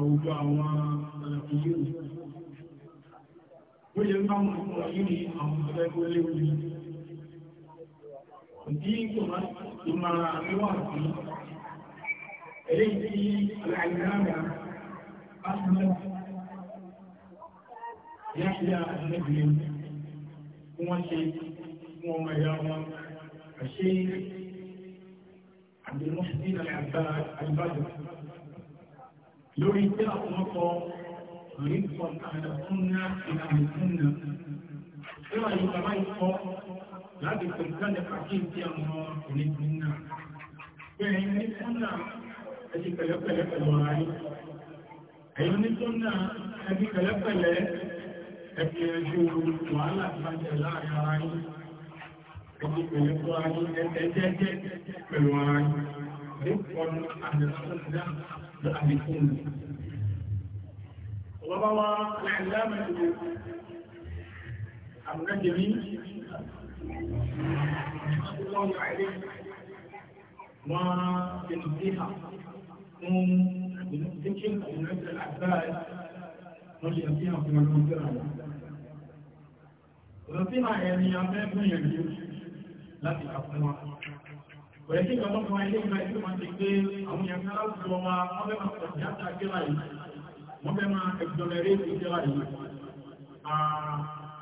àwùjọ àwọn àlàfíyé rẹ̀. Ó yẹ máa mú ọ̀yí ni àwọn ọ̀fẹ́gbó léwu ni. Ìdí ìmọ̀ràn àríwá àti eléyìí tí àìyára Asmọ́ Yáṣíà Nẹ́bìlẹ̀ tí wọ́n ṣe fún ọmọ ìyá wọn àṣẹ àbẹ̀mọ́sí àgbà àgbàdùn lórí pé àwọn ọkọ̀ rí ọ̀kadà fún náà ìlànà fún náà. Ṣé wà yóò bàbá ìkọ́ láti pẹ̀lú káàdì pàkíyèsí àwọn ọkùnrin fún náà? Bẹ́ẹ̀ ni fún náà ẹ ti pẹ̀lẹ́pẹ̀lẹ́ pẹ̀lú ọ̀rá yìí. Ẹ̀yọ́ ní fún náà ẹ pẹ̀lẹ́pẹ̀lẹ́ ẹ ẹjọ́ wàhálà ìbàjẹ́ láàrin ara yìí. pẹ̀lẹ́pẹ̀lẹ́ pẹ̀lú ara رفقا عن السنة بأهل السنة وروى العلامة النجمي رحمة الله عليه وتنزيها من ذكر أو نزل العباس وجد فيها في المنزل ونصيحة يعني يا من يجوز لا تحصلها Bẹ̀rẹ̀ sí ìjọba fún ilé ìgbà tí ó máa ti gbé àwọn èèyàn kan láti lọ wa, wọ́n fẹ́ máa pọ̀jì àti àkílà yìí, wọ́n fẹ́ máa ẹgbẹ̀rẹ̀ ètò ìjọba yìí,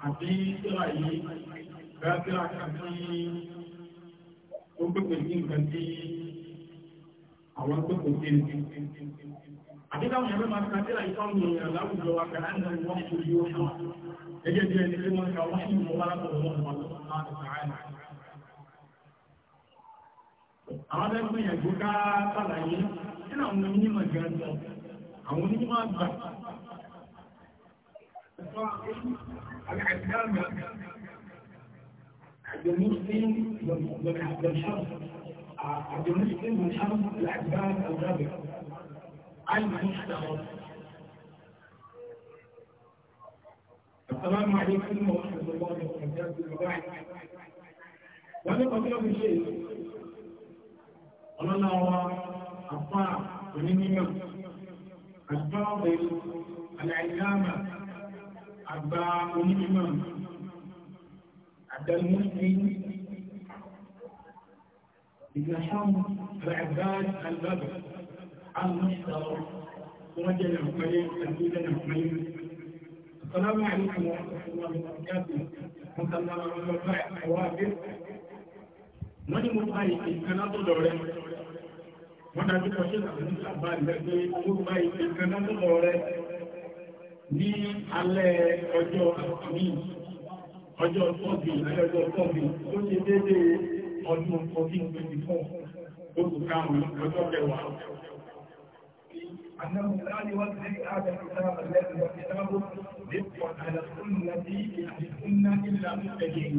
àti ìjọba yìí, bẹ́ẹ̀ tí a kàn sí ó gbogbo sí nǹkan tí àwọn gbogbo ẹgbẹ́ máa kàn sí àìsàn èèyàn wa kàn án wọ́n wọ́n ka wọ́n ṣe mọ́ wá àwọn agbẹ́gbìyànjú ká sàlàyé nínú àwọn onímọ̀ gẹ̀ẹ́sọ̀ àwọn onímọ̀ àgbà العلامة عبد المسلم بن عبد الحرب عبد المسلم بن حرب العباس الغابر المشتغل السلام عليكم ورحمة الله وبركاته وبعد وأنا قبل شيء ọlọ́nà ọwọ́ apá onímọ̀ àgbáwọ̀ aláìláàmà àgbà onímọ̀ àdàlùmọ́sìn ìgbàṣọ́m rẹ̀gbáàd albàbà alùmọ́sọ̀rọ̀ wọ́n jẹ́ nàmọ́lé àti ìjẹ́ nàmọ́lé السلام عليكم ورحمة الله وبركاته. وصلى الله وسلم على wọ́n ní mo bá ìkan látọ̀dọ̀ rẹ̀ wọ́n dájú kọ́ ṣe tàbí sábà ìgbẹ́gbẹ́ mo bá ìkan látọ̀dọ̀ rẹ̀ ní alẹ́ ọjọ́ àmì ọjọ́ tọ́bì ayọjọ́ tọ́bì ó ṣe dédé ọdún 1424 oṣù karùn-ún ọjọ́ kẹwàá أنه لا يوزع هذا الكتاب الذي هو كتابه رفقا على السنة أهل السنة إلا متجهين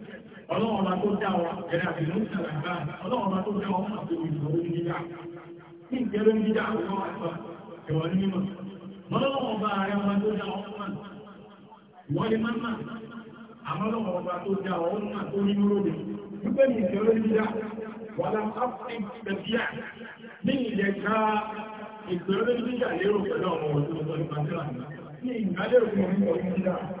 ọlọ́run ọba tó dá wa ẹ̀rẹ́ àbẹ̀lú ìṣàlàgbà ọlọ́run ọba tó dá wa fún àbẹ̀wò ìṣòro nígbà ní ìjẹ́rọ nígbà àwọn àgbà ẹ̀wọ̀n ní mímọ̀ ọlọ́run ọba ààrẹ ọba tó dá wa fún àná ìwọ́n lè máa máa àmọ́ ọlọ́run ọba tó dá wa fún àtó nínú lóde wípé ní ìjẹ́rọ nígbà wà lá ní ìjẹ̀ka ìgbèrè nígbà lérò pẹ̀lú ọmọ ọdún ọdún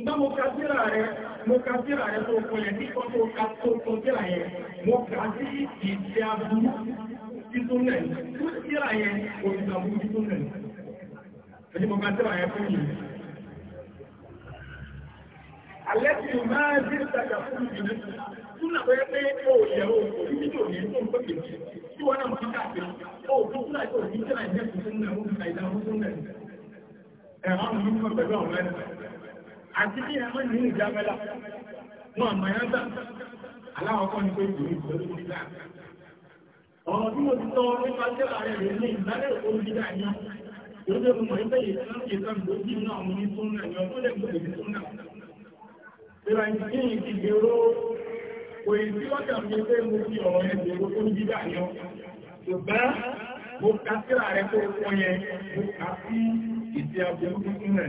Ìgbà mo ka síra rẹ̀, mo ka síra rẹ̀ tó kọlẹ̀ ní kọ́ tó ka tó kọ síra yẹn, mo ka sí ìṣẹ́ aburú títún lẹ̀. Tó síra yẹn, òṣìṣẹ́ aburú títún lẹ̀. Ẹni mo ka síra yẹn fún yìí. Alẹ́ tí mo máa ń dé ìtajà fún ìdílé tó. Túnà pé pé ó yẹ o, òbí tí ò ní tó ń pèpè jù. Tí wọ́n náà mú káàkiri, ó tún síra yẹn tó ní síra yẹn tó ń lẹ̀, ó ń ta ìdá àti kí ẹmọ́ ní ìjámẹ́lá wọn àmàyántà aláwọ̀kọ́ ní pé ìlú ìgbẹ̀rẹ̀ ìgbà ọ̀rọ̀ tí mo ti tọ́ nípa tí ààrẹ rẹ̀ ní ìgbàlẹ̀ olùdíjà ní ọjọ́ ìmọ̀ ìfẹ́ ìtàn gbòógì náà mú ní tó náà ní ọdún lẹ́gbẹ̀ẹ́ ìlú tó náà ìrà ìdíyìn ti gbèrò kò ì sí ọjà mi pé mo fi ọ̀rọ̀ yẹn gbèrò olùdíjà ní ọ ṣùgbọ́n mo kà sí ààrẹ tó kọ yẹn mo kà sí ìdí abẹ́rú tó náà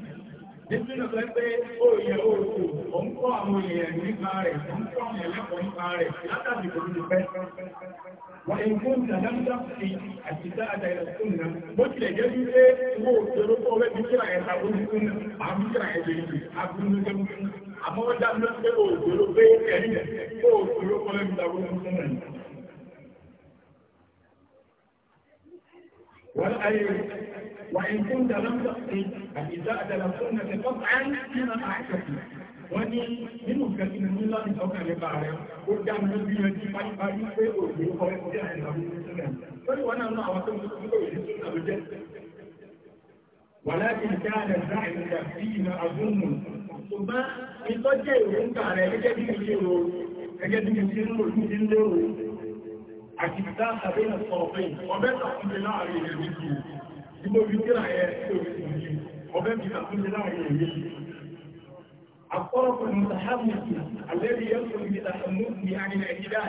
Nítorí ọ̀sẹ̀ pé ó yẹ oòrùn, òun kọ́ àwọn èèyàn nípa rẹ̀, òun kọ́ àwọn ẹ̀lẹ́kọ̀ọ́ nípa rẹ̀ látàbí kò ní pẹ́. Wà ní fún ìdàdámúdá sí àti dáadáa ìrọ̀sùn náà, bó tilẹ̀ jẹ́ wípé owó òṣèré kọ́ wẹ́ bí kíra ẹ̀ta ló ní fún àwọn kíra ẹ̀jẹ̀ ìlú, agbóhùn jẹ́ mú fún. Àmọ́ ó dábí lọ́sí pé òṣèré pé ẹ̀rí rẹ̀, ó òṣèré kọ́ wẹ́ bí kíra ẹ̀ta ló ní fún náà. Wọ́n وإن كنت لم تقصد الإساءة لم قطعا فيما أعتقد wọ́n ní nínú nǹkan tí mo ńlá nípa rẹ̀ ó dá mi lójú yanjú paríparí pé òòlù ọkọ̀ ẹ̀kọ́ jẹ́ àìsàn àwọn ìṣẹ̀lẹ̀ lórí wọn náà náà àwọn tó ń jẹ́ láti ìgbòbí kíra ẹ̀ tó rí sí ìlú ọbẹ̀ bí àtúnṣe láàrin ìlú àpọ́rọ̀pọ̀ mùsàhámùsì alẹ́rí yẹ́sùn ní àmúsì àrìnà ìdá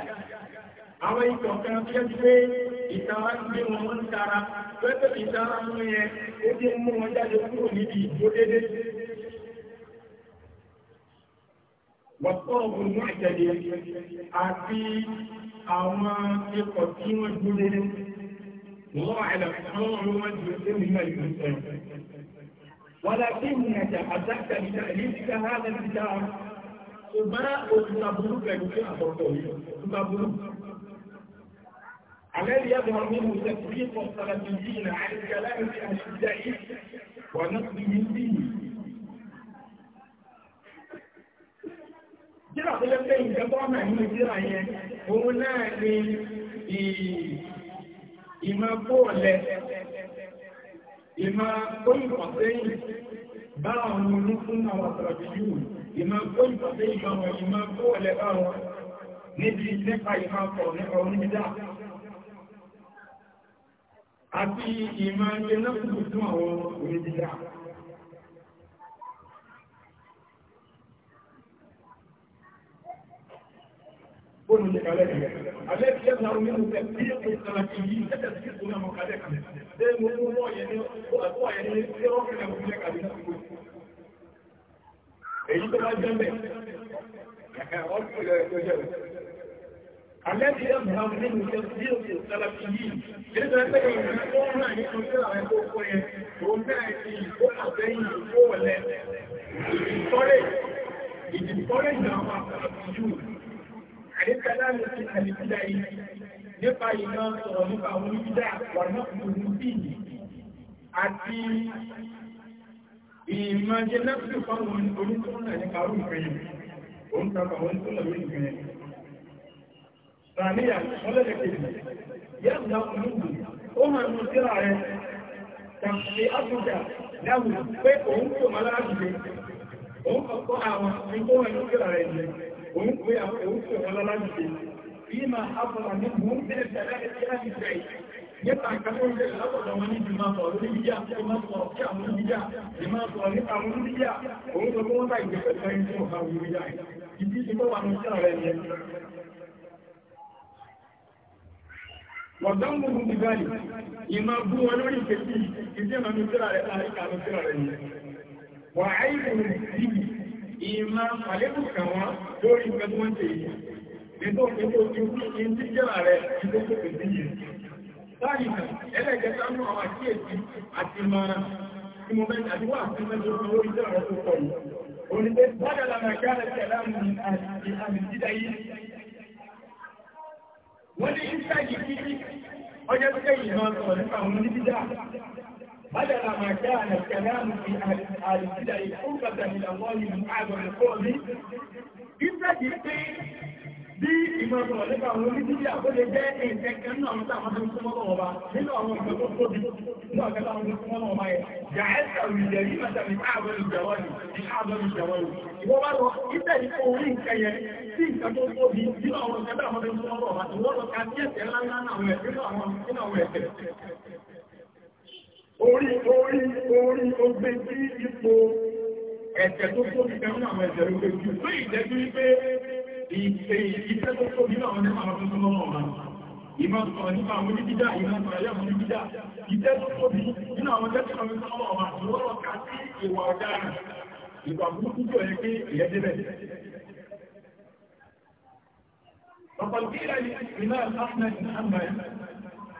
àwọn ikọ̀ kan tí ó gbé ìtara gbé wọn ń tara pẹ́pẹ́ ìtara mú yẹn ó dé mú wọn jáde kúrò níbi ìjó dédé wọ́pọ̀rọ̀pọ̀ mú ìtẹ̀lẹ̀ àti àwọn ikọ̀ tí wọ́n gbé والله أعلم أنا معلومات من المسلم ولكنك حدثت بتأليفك هذا الكتاب وما تبلغ يمكن أن تبلغ الذي يظهر منه تفريق السلفيين عن الكلام في البدع ونقدهم به Jíra tó lẹ́gbẹ̀ẹ́ ìjọba ọmọ ìlú ìjíra yẹn, òun ìmọ̀ bóòlẹ̀, ìmọ̀ olùkọ̀sẹ́yìn báwọn olú fún àwọn ọ̀sọ̀rọ̀bí yìí, ìmọ̀ olùkọ̀sẹ́yìn báwọn ìmọ̀ bóòlẹ̀ báwọn níbi nípa ìmọ̀ ọ̀rọ̀ nípa onídá. Àti ìmọ̀ ẹgbẹ́ náà bóòlù lè kalẹ̀ kẹ̀. Alẹ́ ti yẹ́ sàrò nínú tẹ̀ bí o sàrà kì í tẹ́tẹ̀ sí kò náà mọ̀ kalẹ̀ kalẹ̀. Ṣé mo mú wọ́n yẹn ní ọ̀pọ̀ yẹn ní ṣé wọ́n fi kàwé sílẹ̀ kalẹ̀ náà kúrò. Èyí tó bá jẹ́ mẹ́. Alẹ́ ti yẹ́ sàrò nínú tẹ̀ bí o sàrà kì í tẹ́tẹ̀ sí kò náà mọ̀ kalẹ̀ kalẹ̀. Ìdìkọ́rẹ́ ìdìkọ́rẹ́ àdékàláàrẹ̀ ti àlèkúdà yìí nípa ìmọ̀ sọ̀rọ̀ nípa àwọn onídà wà náà kùnú sí àti ìmọ̀ jẹ́ lẹ́pù fáwọn onítọ́nà nípa àwọn ìfẹ́yìn òun tàbí àwọn onítọ́nà lórí ìfẹ́yìn ràníyà ọlọ́lẹ́kẹ̀ẹ́ yàtọ̀ olóògùn ó máa mú sí ààrẹ tàbí àbújá láwùjọ pé òun kò máa láàájúgbé òun kọ̀kọ́ àwọn ìgbóhàn ní sí ààrẹ ìlú ويقوي ويقوي ولا لا فيما حصل منهم من الثلاثة أهل البيت يبقى كمان الأول لما نيجي ما صار نيجي ما صار كم نيجي ما صار نيجي كم نيجي هو ده كمان ده يجي كمان نيجي ما نيجي يجي ما ما نيجي على نيجي وضمهم بذلك إما هو لوري كتير كتير ما نيجي على على كم نيجي على نيجي وعيبهم فيه ìmá àlékùnkà wọn lórí nǹkan tó ń tè yìí nígbò tí ó ti wú ní tí jẹ́ra rẹ̀ tí ó tó pèsè yìí sáàyìnà ẹlẹ́gẹta ní àwọn àkíyèsí àti mara tí mo bẹ́ẹ̀ àti wà sí mẹ́jọ lórí jẹ́ra rẹ̀ tó pọ̀ yìí onígbé bádàlà máa gáàrẹ̀ tẹ̀lá àti àmì dídá yìí wọ́n بدل ما كان الكلام في أهل البدع قربة من الله من أعظم إذا جئت bí ìmọ̀ràn nípa àwọn onídìrí àkọlé jẹ́ ẹ̀ẹ́dẹ́gbẹ̀rún náà ń tàwọn tó ń súnmọ́ lọ́wọ́ bá nínú àwọn ìgbà tó tóbi náà kẹta àwọn tó súnmọ́ lọ́wọ́ bá yẹ. Jàẹ́sà òyìnbẹ̀ yìí máa tàbí káàbọ̀ ìjẹ̀wọ́ ni, káàbọ̀ ìjẹ̀wọ́ ni. Ìwọ́n bá lọ, ìtẹ̀ ní kò nǹkan yẹn sí nǹkan tó tóbi nínú àwọn ìgbà tó súnmọ́ lọ́wọ́ bá ti lọ orí orí orí tó gbé sí ipò ẹ̀jẹ̀ tó tóbi tẹ̀wọ́n náà àwọn ẹ̀jẹ̀ ló gbé jù pé ìjẹ́jú wípé ìṣe ìṣẹ́ tó tóbi náà ní àwọn tó tọ́lọ́ ọ̀rọ̀ ìmọ̀ sọ̀rọ̀ nípa àwọn onídídá ìmọ̀ sọ̀rọ̀ ayé àwọn onídídá ìṣẹ́ tó tóbi nínú àwọn ẹgbẹ́ tó tọ́lọ́ ọ̀rọ̀ àwọn ọ̀rọ̀ ká sí ìwà ọ̀daràn ìgbà burúkú tó yẹ pé ìyẹn débẹ̀ Ọ̀pọ̀lọpọ̀ ìlànà ìmọ̀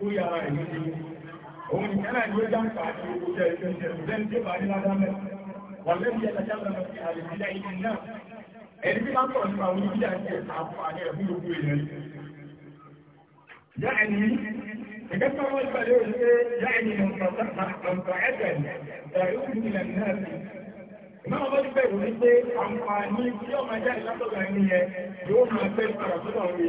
lórí ẹni bí bá ń sọ̀rọ̀ nípa orí bí àti ẹ̀ta àfààní ẹ̀fún gbogbo èèyàn yá ẹni ìgbẹ́ tó wọ́n gbà lé òun yá ẹni ọ̀pọ̀ ẹ̀bẹ̀ ẹ̀rọ ìpínlẹ̀ náà sí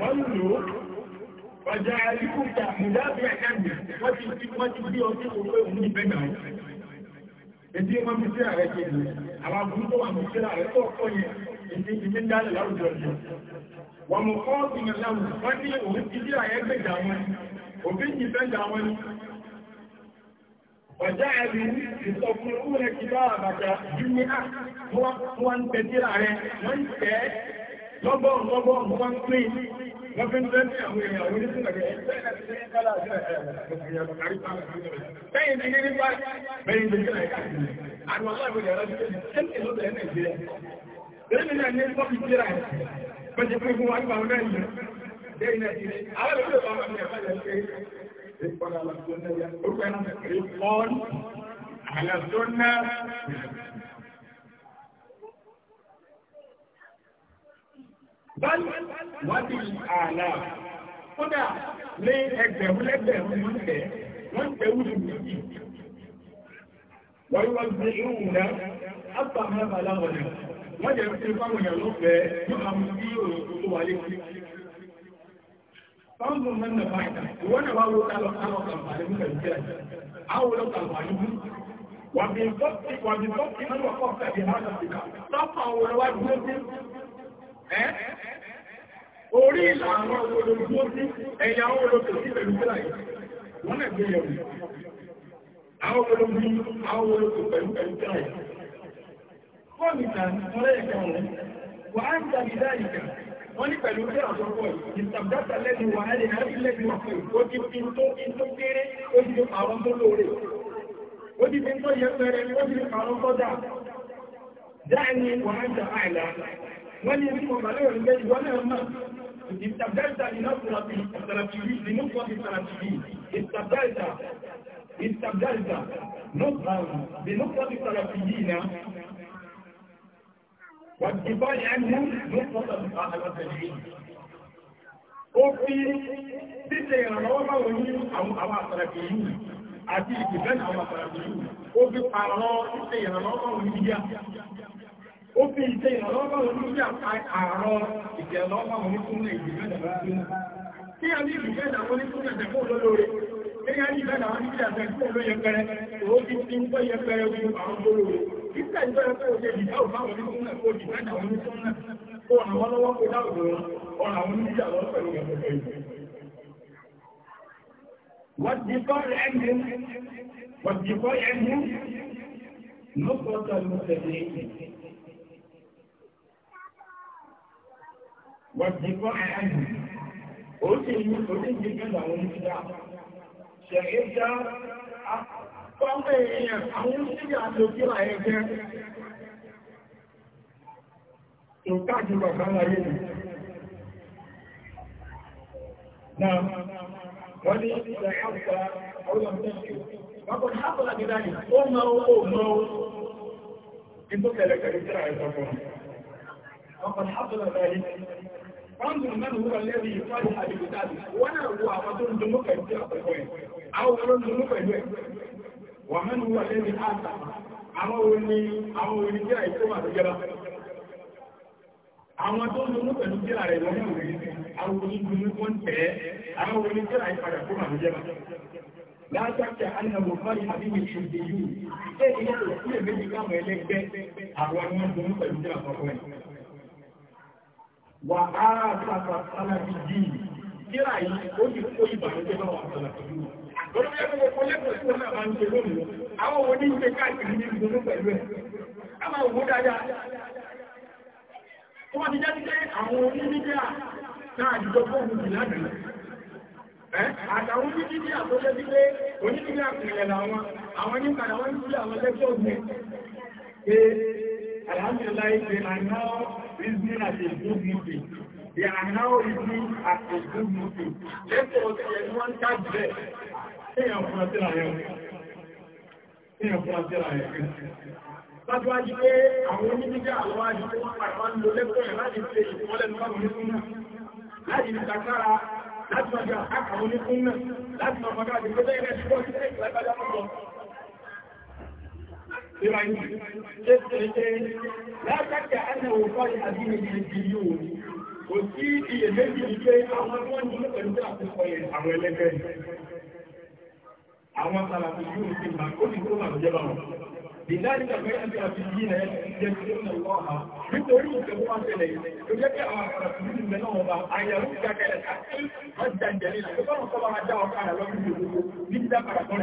wọ́n lò ó ọjà àríkùnkà ìdábí ẹ̀kẹ́gbẹ̀ wọ́n ti fi wọ́n ti bí ọdún òwe òun ìbẹ́gbà wọn. Èdè wọn fi sí ààrẹ kejì, àwọn aburú tó wà mú sí ààrẹ tó ọkọ yẹn, èdè ìdí ń dálẹ̀ láwùjọ jù. Wọ́n mú kọ́ ọ̀gbìn láwù, wọ́n ní òun ti dí ààyè gbèjà wọn, òbí yìí fẹ́jà wọn ni. Ọjà ẹ̀rí ìsọkùnrin òun rẹ̀ kí bá àbàjá bí ní à, wọ́n ń tẹ̀ lọ́gbọ́n lọ́gbọ́n wọ́n máa ń pín wọ́n fi ń tẹ́ ní àwọn èèyàn orí sí ẹ̀rẹ́ Ìpọ̀lá àlàsọ́nà báyìí wọ́n ti ààlà kódà ní ẹgbẹ̀rún lẹ́gbẹ̀rún wọ́n tẹ̀ wọ́n tẹ̀ wúlò méjì wọ́n wọ́n ti irú rẹ̀ ápá mẹ́fà láwọn rẹ̀ wọ́n jẹ́ fi fáwọn èèyàn lọ́fẹ̀ẹ́ ní àwọn tí yóò tó wà lé sí fáwọn tó mẹ́rin nàbà ìta ìwọ́n náà wá wo kálọ̀ kálọ̀ kàǹfààní mú pẹ̀lú jẹ́ àwọn olóò kàǹfààní mú wà bí bọ́ọ̀tì wà bí bọ́ọ̀tì náà wà kọ́ọ̀fẹ́ bí hàn Orí ìlànà olóògbó sí ẹ̀yà olóògbó sí pẹ̀lú pẹ́lá yìí. Wọ́n lẹ̀ gbé yẹ̀wò. Àwọn olóògbó, àwọn olóògbó pẹ̀lú pẹ̀lú pẹ́lá yìí. Fọ́ọ̀mì tàn, ọ̀rẹ́ ẹ̀kẹ́ ọ̀rẹ́. Wà á ń tàbí dáyìí kà wọ́n ní pẹ̀lú pé àtọ́kọ̀ ìtàbátà lẹ́nu wà á lè rárí ó ti fi tó tó kéré ó ti fi tó lóore ó ti fi tó yẹ pẹ̀rẹ̀ ó ti fi tó dà dáa ni wà á jà àìlà wọ́n ní ẹbí kan bàlẹ́ òrùn bẹ́ẹ̀ ìwọ náà mọ̀ ìtàbẹ́ta ìnáfúrafì ìtàràfìrí ìmúfọ́ ìtàràfìrí ìtàbẹ́ta ìtàbẹ́ta ìmúfọ́ ìtàràfìrí náà wàdìbọ́ ìyẹnú ìmúfọ́ ìtàràfìrí ó fi títẹ̀ ìrànlọ́wọ́ báwọn ní àwọn àtàràfìrí àti ìgbẹ̀gbẹ̀ àwọn àtàràfìrí ó fi pààrọ̀ títẹ̀ ìrànlọ́wọ́ báwọn ní ó fi ìṣe ìrànlọ́wọ́ olórí àárọ̀ ìjẹ̀lọ́wọ́ oníkúnlẹ̀ ìgbẹ̀dàwó tí a ní ìgbẹ̀dàwó oníkúnlẹ̀ ìjẹ̀kọ́ olólórí Ẹgbẹ́ ìgbẹ́ta wọn ní kí àṣẹ ìpínlẹ̀ yẹpẹrẹ, òun ti ti ń pẹ́ yẹpẹrẹ ojú àwọn olóró. Ìgbẹ́ ìgbẹ́ta pé òṣèlú ìdáwò fáwọn oníkúnlẹ̀ kó ìgbẹ́ta wọn ní súnmọ̀, ìgbẹ́. Wọ́n wọ́n ti kọ́ àwọn oníṣẹ́dá ṣẹ̀ríṣà pọ́pẹ́ èèyàn àwọn oníṣẹ́dá àtòkí ààyè tó káàkiri bàbá láyé nì náà wọ́n ní ṣẹ̀ríṣà ọlọ́mọdé Bákan hápọ̀ láti dáyé, ó mọ́ ó mọ́ ó, ìbúkẹ̀lẹ̀kẹ̀lẹ̀ tí a ẹ̀sọ́ fún. Bákan hápọ̀ láti dáyé, Fọ́nùn mẹ́rin wúrọ̀ lẹ́rí ìfọ́dí àdìgbòtàdì, wọ́n náà wo àwọn tó ń dunú pẹ̀lú ọ̀pẹ̀pẹ̀ ẹ̀. Àwọn tó ń dunú pẹ̀lú ẹ̀. Wà mẹ́rin wúrọ̀ lẹ́rí àtà, àwọn orí àwọn orí jẹ́ àìkó àtọ́jọba. Àwọn tó ń dunú pẹ̀lú jẹ́ ààrẹ wọ́n náà rí, àwọn orí dunú wọ́n tẹ̀ àwọn orí jẹ́ àìpadà kó àtọ́jọba. لا شك أنه فرح به الحزبيون wà á sàtà sàlàbí yìí kíra yìí ó ti kó ìbànújẹ́ náà wà sàlàbí yìí lọ́dún yẹn mo kọ́ lẹ́kọ̀ọ́ tí wọ́n náà máa ń ṣe lónìí àwọn òní ń ṣe káàkiri ní ìgbónú pẹ̀lú ẹ̀ a máa wò dáadáa tó wọ́n ti jẹ́ pé àwọn onídíjà náà àjùjọ fóònù jù lánàá àtàwọn onídíjà tó jẹ́ sí pé onídíjà pìlẹ̀ làwọn àwọn nípa làwọn ń sí àwọn lẹ́kọ̀ọ́ Alhamdulillah, they are now reasoning as a good movie. They are now reasoning as a good movie. Therefore, anyone catch them. Ṣé yàn fún ọtí láyé ọ̀rẹ́? Ṣé yàn fún ọtí láyé ọ̀rẹ́? Lájúwájú pé àwọn onídíjẹ́ àlọ́wájú tó wọ́n pàdé wọ́n lo lẹ́kọ̀ọ́ rẹ̀ láti ṣe ìfọ́lẹ́nu bá wọn ní fún náà. Láti ní takára láti máa jẹ́ àkàwọn ní fún náà. Láti máa fọ́gá àti pé bẹ́ẹ̀ Lákàtà ánàwò fọ́lì àdínì ìjìyàn kò sí iye méjì ní pé àwọn tó ń jùlọ pẹ̀lú àkókò yẹn àwọn ẹlẹ́gbẹ́ àwọn sàràfì yóò ti máa kó ní kó máa jẹ́ bá wọn. لذلك بيان الأبيين يجدون الله بطريق مواصلة يجب أن أكون من الله أن يرد كذلك حتى جليلا فقالوا صلى الله عليه وسلم لذلك أكون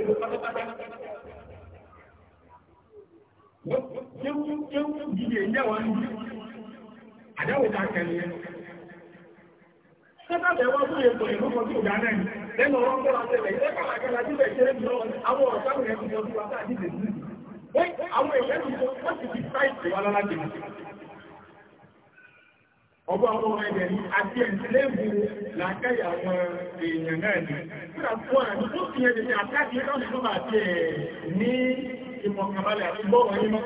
kéwú gidi ẹ̀jẹ̀ wọn ní àdáwò ká kẹlẹ̀ yẹn. Sẹ́tàbẹ̀ wá fún èkó ìlú kan tí ò dáná ẹ̀ lẹ́nu ọ̀rọ̀ ń bọ̀rọ̀ àtẹ̀lẹ̀ ilé kàlàkàlà tí bẹ̀ ṣeré jù lọ́wọ́ àwọn ọ̀sán rẹ̀ ti yọjú wa sáà nílẹ̀ sí. Àwọn èèyàn ti sọ wọ́n ti fi sáìtì wa lọ́la jù. Ọgbọ́ àwọn ọmọ ẹ̀dẹ̀ ni àti ẹ̀ǹtìlẹ́bù làákàyà àwọn èèyàn náà ni. Kúrà fún ọ̀rọ̀ àti tó fi ẹ̀dẹ̀ ni àtàkì ẹ̀kọ́ ní ìmọ̀kànbalẹ̀ àti gbọ́ọ̀rọ̀ yín mọ́.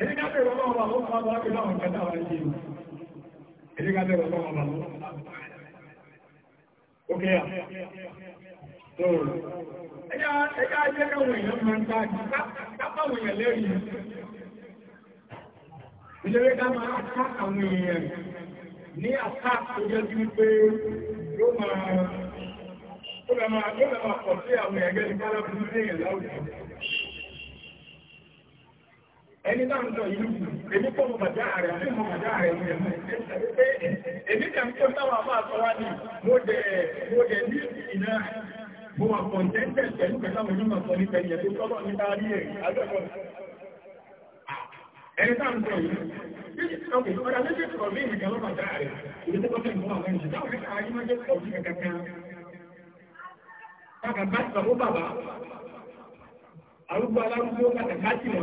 Èdè ká bẹ̀rẹ̀ ọlọ́run àwọn ọmọ àwọn akẹ́lá àwọn ìkẹta wà ní ìlú. Èdè ká bẹ̀rẹ̀ ọlọ́run àwọn ọmọ àwọn Ókè à. Tó ẹjá ẹjá ẹjẹ́ káwọn èèyàn máa ń ta kápáwọn èèyàn lẹ́rìí. Ìjọba ká máa ká àwọn èèyàn ní àká tó jẹ́ sí pé yóò máa yóò máa pọ̀ sí àwọn ẹ̀gẹ́ ní pálábùú ní èèyàn láwùjọ ẹni táǹtọ̀ ìlú èmi kọ́ mọ̀ bàjá rẹ̀ ní mọ̀ bàjá rẹ̀ èmi tẹ̀ ń kọ́ táwọn àbá àtọwá ní mo dẹ̀ ní ìná mo wà kọ̀ǹtẹ́ńtẹ̀ pẹ̀lú pẹ̀láwọn onímọ̀ sọ ní pẹ̀lú ẹ̀tọ́ tọ́lọ́ ní bá rí ẹ̀rí agbẹ́kọ̀ọ́ ẹni táǹtọ̀ yìí Ọkùnrin ọ̀dà méjì kọ̀ mí ìrìnkà lọ́pàá dáa rẹ̀, ìrìnkà lọ́pàá ìgbọ́n àwọn ẹ̀jẹ̀, dáwọn ẹ̀ka ayé máa jẹ́ ọ̀dún kẹ̀kẹ́ kan. Kàkà bá ìgbàgbọ́ bàbá, àrúgbó alárúgbó kàkà bá jìnà.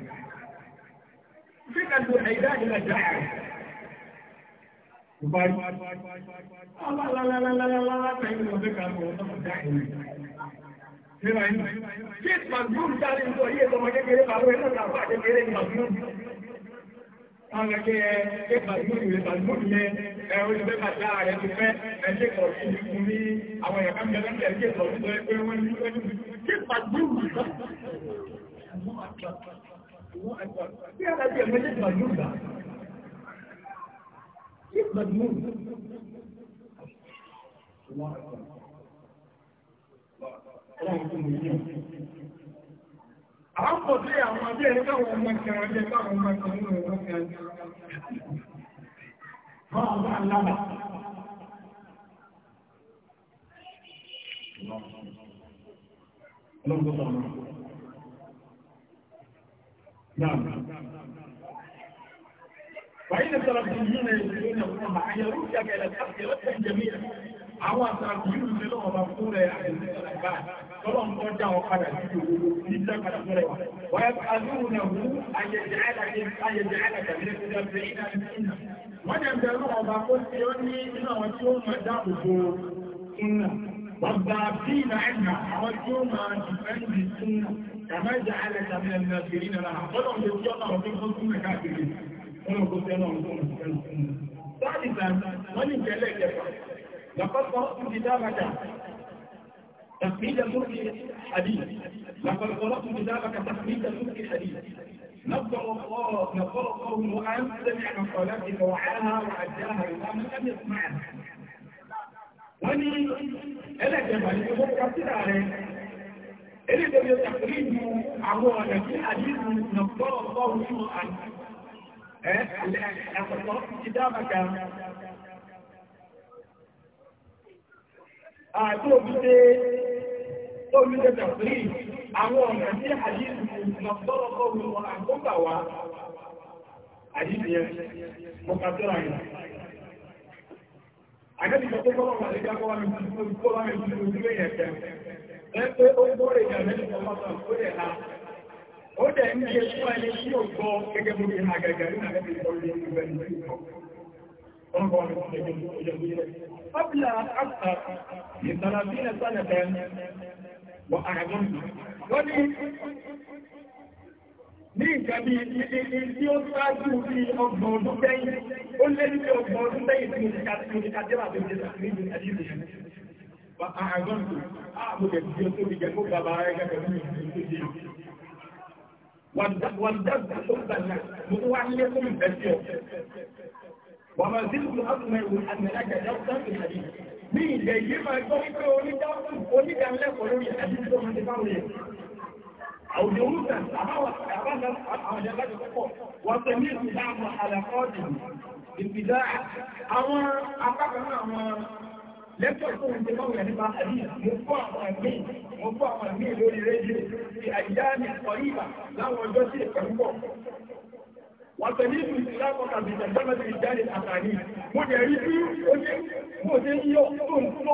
fíkàtò Dia tadi yang menjadi juga. Dia majnun. Allah Àwọn pọ̀ sí àwọn abẹ́ ẹni káwọn ọmọ kẹrin jẹ káwọn ọmọ kẹrin ní ọmọ kẹrin. Wọ́n àwọn alára. Ọlọ́run tó sọ̀rọ̀. نعم فإن التربيين يسألون الله أن يرشدك إلى الحق ردا جميعا àwọn àtàkùnrin ìlú lọ́wọ́ bá fún rẹ̀ àìsíkàlàgbà tọ́lọ́ ń tọ́jà ọ̀kadà sí ìwòwò ní ìjọkadà fún rẹ̀ wáyé alúrù náà wú ayẹyẹ alágbàdà ní ẹgbẹ́ ìgbẹ́ ìgbà ìgbà wọ́n jẹ́ bẹ̀rù ọba kó tí ó ní inú àwọn tí ó máa dáàbò bo súnà wọ́n gbà bí ìlà ẹ̀nà àwọn tí ó máa dìfẹ́ǹdì súnà kàmá ìjà alẹ́ka ní ẹ̀nà ìrì nà náà ọlọ́run lè fi ọ̀nà ọ̀fẹ́ fún súnmọ̀ káàkiri wọn kò tẹ́ náà fún ìfẹ́lú fún mi. sáàdì sàn wọ́n ní ìjẹ́lẹ̀ ìjẹ̀fà lọ́kọ́kọ́ ti dábàtà tàfíìdà lókè àdì lọ́kọ́kọ́ ti dábàtà tàfíìdà lókè àdì نقر قوم أن سمع مقالاتك وعاها وعداها الإمام لم يسمعها. وني أنا جمالي بكرة عليه eléjẹ̀bẹ̀ tàbí ìlú àwọn ọ̀nà tí àdínú nàpọ̀ ọ̀pọ̀ ojú ẹ̀kọ̀tọ̀ ti dábàkà àti òbíde òbíde tàbí àwọn ọ̀nà tí àdínú nàpọ̀ ọ̀pọ̀ ojú àkókà wa yẹn mọ̀kàtọ́ra yìí Àjẹ́bí sọ pé kọ́lọ̀ wà ní jákọ́ wà ní ojú wà ní ojú ojú èèyàn kẹ. Ẹ pé ó gbọ́rẹ̀ ìjà lẹ́nu sọ pátá ó dẹ̀ ha. Ó dẹ̀ ń ṣe fún ẹni tí ó gbọ́ gẹ́gẹ́ bó ti ha gẹ́gẹ́ ní àjẹ́bí sọ pé ó gbẹ́ ní ojú Wọ́n kọ́ ọ̀rọ̀ ìṣẹ́jú ojú ilẹ̀. Ọ́bìlà àpá ìtàlàbí ẹ̀sán ẹ̀fẹ́ wọ àrẹ̀mọ́nù. Wọ́n ní ní ìjọbi tí ó sáájú bí ọgbọ̀n ọdún tẹ́yìn ó lé ní ọgbọ̀n ọdún tẹ́yìn tí mo ti ká jẹ́bà tó jẹ́ àríjì àdíjì yẹn àgbọ̀n tó ààbò jẹ̀ tí ó tó fi jẹ́ kó bàbá rẹ̀ gẹ́gẹ́ bí ìjọ wọ́n dágbà tó gbà náà mo wá lé fún ìfẹ́ sí ọ wọ́n máa sí ìlú ọkùnrin ìwé àmìlájà dáwùtà ìhàdí ní ilẹ̀ yìí máa gbọ́ wípé onídàlẹ́kọ̀ọ́ lórí àdíjì tó máa ti báwọn yẹn àwùjọ orúkà àwọn apákanáà àwọn lẹ́tọ̀ tó ń jẹ báwọn nípa àdíyà mo fọ́ àwọn ẹ̀mí mo fọ́ àwọn ẹ̀mí lórí rédíò ti àyíyá ní ọ̀yíbà láwọn ọjọ́ sí ìpẹ̀lúbọ̀ wọ́n tẹ̀lé ìlú ìsìlámọ̀ tàbí ìjọba ìjáde àtàrí mo jẹ̀ rí bí ó jẹ́ mo jẹ́ yíyọ́ tó ń tó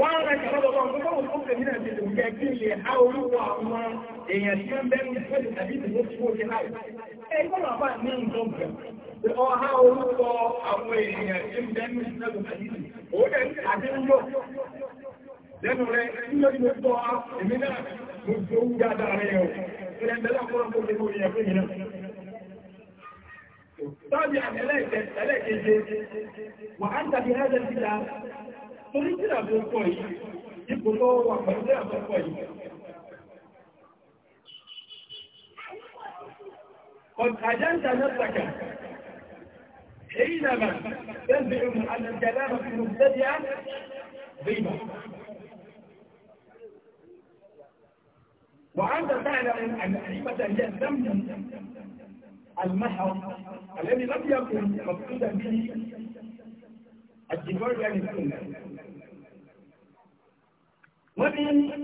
wọ́n rẹ̀ kàlọ́bọ̀ wọn tó wọ́n tó kẹ̀mí náà tètè wùkẹ́ kí lè há orúkọ àwọn èèyàn tí tàbí tí láì. ẹ ní nǹkan ọ àwọn èèyàn tí tàbí ó ń ah, èmi náà mo fi owó dáadáa o torí tí àbí ọkọ̀ yìí ipò tó wà نفسك حينما تزعم أن الكلام في المبتدع غيبة وأنت تعلم أن الغيبة هي الذنب المحض الذي لم يكن مقصودا به àtìgbọ́n rẹ̀ nìkan. Wọ́n ní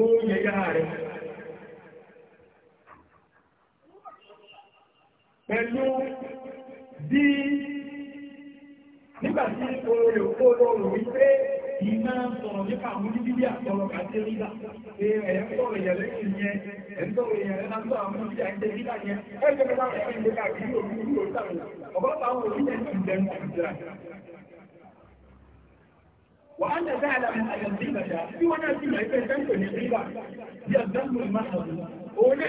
ohun yẹ̀yà rẹ̀ pẹ̀lú bí nígbàtí ohun rẹ̀ kó wípé ìmọ̀ sọ̀rọ̀ nípa àwọn oníbíbí àtọ̀rọ̀ àti rídà ẹ̀yẹ́ sọ̀rọ̀ ìyẹ̀lẹ́ ìyẹn ẹ̀ńtọ̀rọ̀ ìyẹ̀lẹ́ náà sọ̀rọ̀ àwọn oníbíbí àti rídà yẹn ẹ̀ẹ́dẹ̀gbẹ̀ bá rẹ̀ ń lé káàkiri òkúrú òtàrù ọ̀pọ̀lọpọ̀ àwọn oníbíbí ti dẹnu àjẹrà وأن تعلم أن الربا في وناس ما يتسمى الربا هي الذنب المحض هنا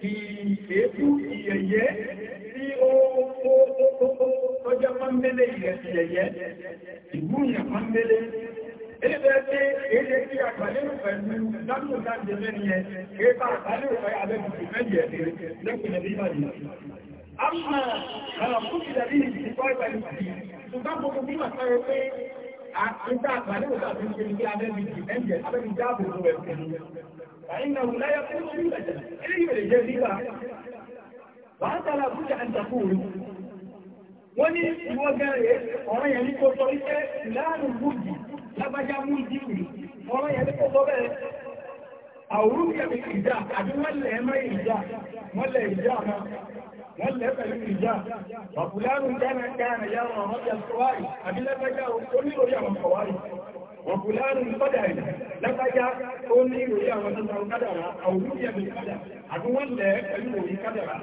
في كيف يجي ó jẹ́ pọ́nbélé ìrẹsì ẹ̀yẹ ìgbúnyàn pọ́nbélé Ilé tí èdè tí àgbàlérò pẹ̀lú lọ́nà láti mẹ́rin yẹn, kìí bá àgbàlérò pẹ̀lú abẹ́kùnkù mẹ́rin yẹn lẹ́kùn ẹ̀bí ìbàdìí. Àmà àlàkùnkù ìdàbí ìsìnkọ́ ìpẹ̀lú sí, ṣùgbọ́n gbogbo bí màá sáré pé àtúntà àgbàlérò tàbí ṣe ní abẹ́bìtì mẹ́rin yẹn, wàá tọ́lá bújà ń takú rú wọ́n ní ìwọ́n gẹ̀rẹ̀ ọ̀rọ̀ yẹn ní kó sọ wípé láàrín bújì lábájá mú ìdíkù ọ̀rọ̀ yẹn ní kó sọ bẹ́ẹ̀ àwòrán yẹn ní ìjà àbí wọ́n lẹ̀ ẹ́ mẹ́rin ìjà wọ́n lẹ̀ ìjà náà wọ́n lẹ̀ pẹ̀lú ìjà ọ̀pùlárùn dáná dáná yàrá àwọn ọjà kọwárì àbí àwọn kọwárì ọ̀pùlárùn kọ́dàrì àwọn kádàrà àwòrán yẹn ní kádàrà pẹ̀lú òyìn kádàrà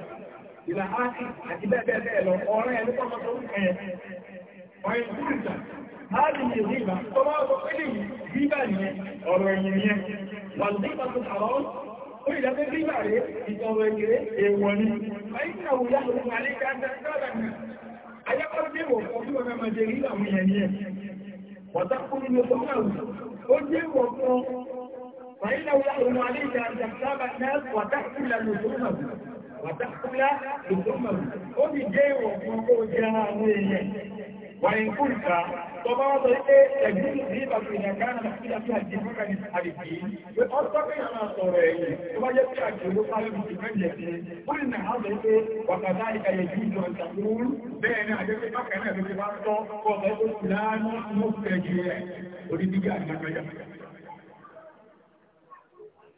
ìlà áàkì àti bẹ́ẹ̀ bẹ́ẹ̀ lọ ọ̀rẹ́ ẹ̀lú pọ́pọ́ tó ń kẹ̀yẹ̀ ọ̀yìn kúrìtà láàrín ìlú ìgbà tó wá ọkọ̀ pé lè bíbà nìyẹn ọ̀rọ̀ ẹ̀yìn yẹn wà ní pàtó àwọn ó ìlà pé bíbà rẹ̀ ìtọ̀rọ̀ ẹ̀kẹ́rẹ́ èèwọ̀ ni àyíká òyà òun àlékà Ayákọ́déwò fún ọdún ọmọ ọmọdé rí àwọn èèyàn yẹn. Wọ̀tá kú nínú ọmọ àwùjọ. Ó jẹ́ ìwọ̀ fún ọ. Fàyínà wọ́n àwọn àlejò àjàkábà náà wọ̀tá kú lálẹ́ òṣèlú àtàkùnlá ìtọ́mọ̀ ó ti jẹ́ ìwọ̀n fún kó jẹ́ àwọn èèyàn wà ní kúrìta tó bá wọ́n sọ wípé ẹgbẹ́ ní ìbàkú ìdàkánà àti àti àjẹ́mọ́ká ní àdìsí pé ọ́ tọ́kẹ́ yàrá sọ̀rọ̀ ẹ̀yìn tó bá jẹ́ pé àjẹ́ ló sáré ní ìfẹ́ jẹ́ sí wọ́n ní náà sọ wípé wàkàtà ìkàyè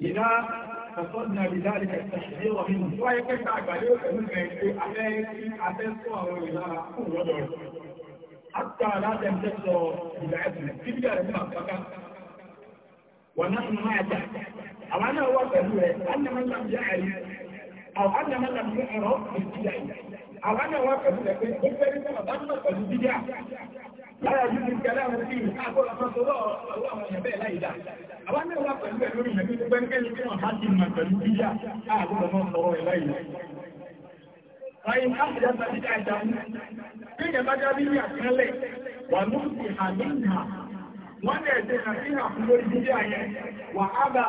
ìdá ọ̀sọ́dún àbìdáàlì ẹ̀sẹ̀ ọ̀rìn tó wáyé pẹ́ta àgbàlé òkèlú rẹ̀ pé abẹ́ sí abẹ́ fún àwọn ìlara fún lọ́dọ̀ rẹ̀. Àtà aláàbẹ̀ ń tẹ́sọ̀ ìgbà ẹ̀sìn tí bí àrẹ̀ máa pàkà. Wọ̀n náà ń máa jà. Àwọn náà wà pẹ̀lú rẹ̀, ánàmọ́lá ń lára ìlú ní ìgbàlá àwọn sí àkọ́lá sọ́sọ́lọ́ àwọn àwọn èèyàn bẹ́ẹ̀ láìdá. àwọn ní ọlá pẹ̀lú ẹ̀ lórí ìyẹ̀bí pẹ́ nígbẹ́ni tí wọ́n bá ti mọ̀ pẹ̀lú bíyà àgbọ̀dọ̀ mọ́ sọ̀rọ̀ ẹ̀ láìdá. Ráyìn káàkiri àti àti àìdá mú. Bí ìjọba jábí ní àkálẹ̀ wà ló ti àníyà. Wọ́n ní ẹ̀sẹ̀ àfihàn fún lórí bíyà yẹn. Wà á bá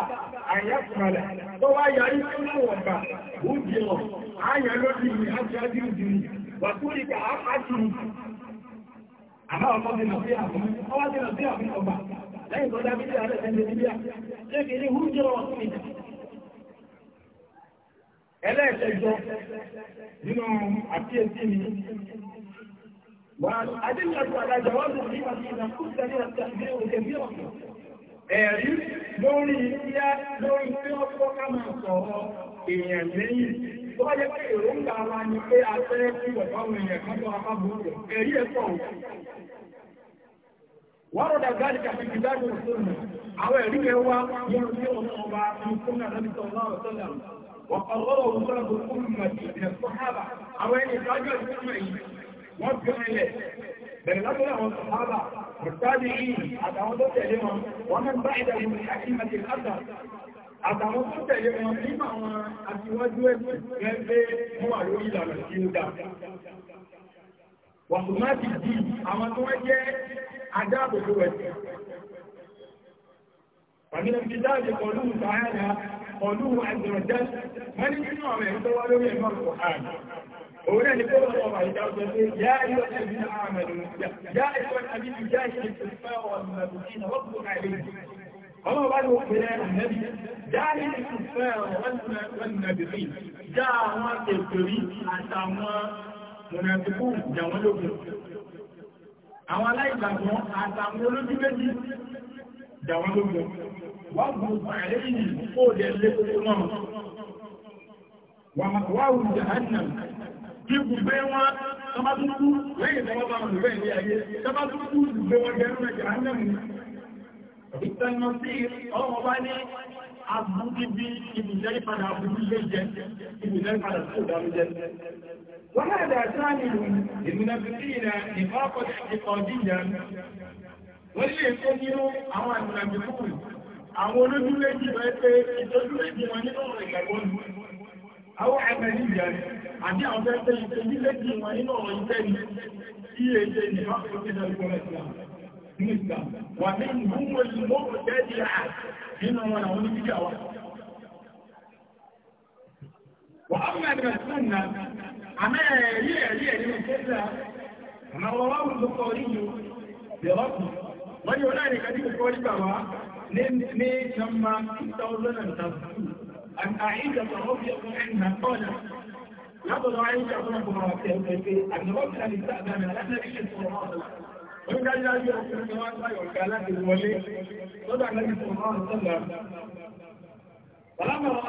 àyàkùnrẹ̀lẹ̀ tó wá yarí tó lọ́wọ́ gbà. Bùdìọ̀, àyà lórí ìhàjáde ìdìrí. Wà tó ìgbà á àmọ́ ọkọ̀ mi nàbí àmọ́ ọwọ́ ti nàbí àmọ́ ọgbà lẹ́yìn tó dábí ààrẹ ẹni níbi à ṣé kìí ní húrújẹ́ wọn sí ìjà ẹlẹ́ẹ̀kẹjọ nínú àkíyèsí mi wà adéjọ́jú alájà wọ́n ti fi àti ìdàkúta ní ọ̀sẹ̀ ìgbé òkè bí ọ̀sẹ̀ ẹ̀rí lórí ìyá lórí tí ó kọ́ ká máa sọ̀rọ̀ èèyàn lẹ́yìn tó bá jẹ́ pé èròǹgbà wa ni pé a fẹ́ kí ọ̀dọ́ àwọn èèyàn kan lọ apá burúkú ẹ̀rí ẹ̀ pọ̀ wọ́n rọ̀dà gáàdì kàfi ìdájọ́ òṣèlú àwọn ẹ̀rí yẹn wá nínú tí ọmọ ọba ní fún àdábì sọ̀rọ̀ ọ̀sọ̀lá وقرره طلب الأمة àtàwọn tó tẹ̀lé wọn nínú àwọn àtiwájú ẹgbẹ́ gẹ́gẹ́ wọ́n wà lórí ìlànà tí ó dá. Wàhùmáàtì di àwọn tó wọ́n jẹ́ adáàbòbò ẹ̀sìn. Pàmílẹ̀ ti dáàbò pọ̀lú ìtàhánà pọ̀lú àjọ̀jẹ́ wọ́n ní nínú àwọn ẹ̀sọ́ wá lórí ẹ̀mọ́ Kùhán. Òun náà ni kó lọ́wọ́ ọba ìdájọ́ pé yá ìwọ ẹ̀bí àmàlù, yá ìwọ ẹ̀bí ìjáṣe ìfẹ́ ọ̀nà ìdíjìnà wọ́pùpù náà ọlọ́run bá ní ó pèrè ẹ̀nẹ́bí dáàrí ìfẹ́ ọ̀rọ̀lẹ́bìrí dá àwọn ètòrí àtàwọn mọ̀nàtìkú jàwọn lógun àwọn aláìgbàgbọ́ àtàwọn olójú méjì jàwọn lógun wọ́n gbogbo àlẹ́yìn kó dẹ̀ lé wọn wàhùn jahannam ibùgbé wọn tọ́bátúkú lẹ́yìn tọ́bátúkú lẹ́yìn ayé tọ́bátúkú ibùgbé wọn ìtẹnusí ọmọ bá ní àbúgbìbí ìbìlẹ̀ padà àbúgbìlẹ̀ jẹ́ ìbìlẹ̀ padà tó dámi jẹ́ wọ́n náà dà sáà nìlú ìmìnàbìsí ìrìnà ìfọ́kọ̀ ìkọ̀díyà wọ́n lè tó nínú àwọn àmìnàbìkú àwọn olójúlé jìbọn pé ìtọ́júlé jìbọn nínú ìgbàgbọ́n àwọn àmìnàbìyà nìkan wà ní ìgbúmọ̀ ìmọ̀ ìdẹ́dì àà nínú wọn àwọn oníbíjà wa wà á mọ̀ ẹ̀rẹ̀ fún nà àmẹ́ ẹ̀rí ẹ̀rí ẹ̀rí ìfẹ́lá àmà wọ́n wọ́n ló kọ́ orí yìí bẹ̀rọ̀kù wọ́n yóò láì nìkan tí kò kọ́ orí bàbá ní sọ́mà 2002 àti àìjọ sọ̀rọ̀ fi ọkùn ẹni nà kọ́ọ̀dà látọ̀dọ̀ àìjọ sọ̀rọ̀ fún ọ̀rọ̀ Ọlọ́mọ̀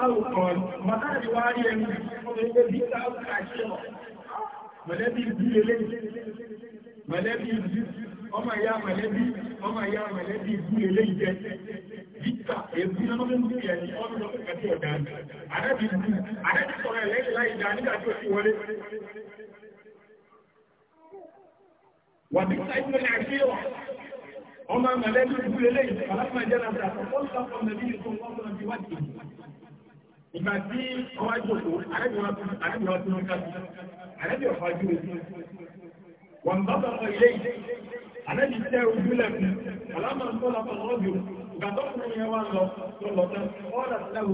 ọ̀rọ̀ kan, mọ̀tàrí wá rí ẹni ọmọ ibi ta ó kàṣẹ́ ọ̀. Mọ̀lẹ́bí bí ilé, mọ̀lẹ́bí bí, ọmọ ìyá mọ̀lẹ́bí, ọmọ ìyá mọ̀lẹ́bí bí ilé jẹ. Bíta èbú náà mọ́ mú ìyẹni ọdún ọdún kàtí ọ̀dá. Àdẹ́bí bú, àdẹ́bí sọ̀rọ̀ ẹ̀lẹ́yìn láì dá nígbàtí ó ti wọlé. ومثل ابن العشيرة هما ملاك الجبلين فلما جلس تطلق النبي صلى الله عليه وسلم بوجهه ìgbà tí ọwá ìjòkó àrẹ́bìnrin ọtún ń kájú àrẹ́bìnrin ọ̀fà ojú ojú wọn bá bọ̀ ilé àrẹ́bìnrin tẹ́ ojú lẹ́kùn aláàmà ń tọ́lá pọ̀ lọ́bìó ìgbà tó kún yẹn wá lọ tó lọ tán ọ́rà tẹ́lú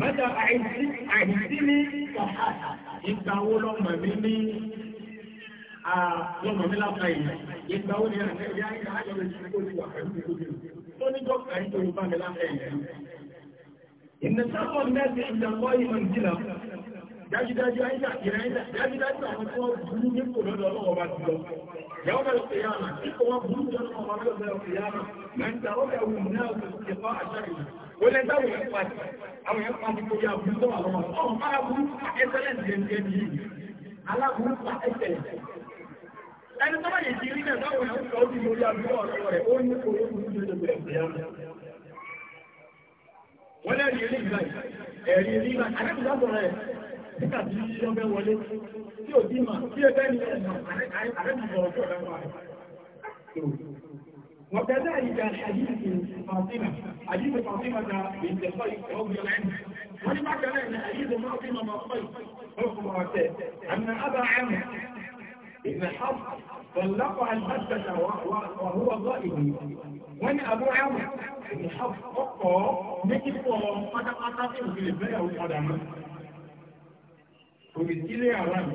Mẹ́ta àìsí ní ìgbà wo lọ́mọ mi ní lọ́mọ mi láta ìlú. Ìgbà wo ni àṣẹ ìyá ìyá ayọ̀rẹ̀ ti kó ti wà pẹ̀lú ìgbòdì. Tó ní dọ́kítà ń tó bá mi láta ìlú. Ìnà sábọ̀ mẹ́ta ìjàmbá ìmọ̀ ìjìnlá. Dájúdájú àìsà ìrìn àìsà dájúdájú àwọn tí wọ́n burú nípò lọ́dọ̀ ọlọ́wọ́ bá ti lọ. Ìyàwó bẹ̀rẹ̀ من تركه الناس اتقاء شره wọlé táwọn yẹn pàdé àwọn yẹn pàdé kó yá àbúrú sọ́wọ́ àwọn ọmọ ọmọ aláburú pa ẹsẹ̀lẹ̀ ǹdẹ̀ǹdẹ̀ yìí aláburú pa ẹsẹ̀ ẹni tó báyìí ti rí náà táwọn yẹn sọ ọdún lórí àbúrú ọ̀rọ̀ rẹ̀ ó ní kó yóò fún ìjọba ẹgbẹ̀rẹ̀ wọ́n lé ẹ̀rí eléyìí báyìí ẹ̀rí eléyìí báyìí àdébùdá sọ̀rọ̀ ẹ̀ وكذلك حديث فاطمة حديث فاطمة من الخير رضي الله عنها ولما كان حديث فاطمة من الخير حكم مرتين أن أبا عمرو ابن حفص طلقها البتة وهو ضائع وأن أبو عمرو ابن حفص قطع نجد قد قطعته في البلاء والقدم ومن كل يا رب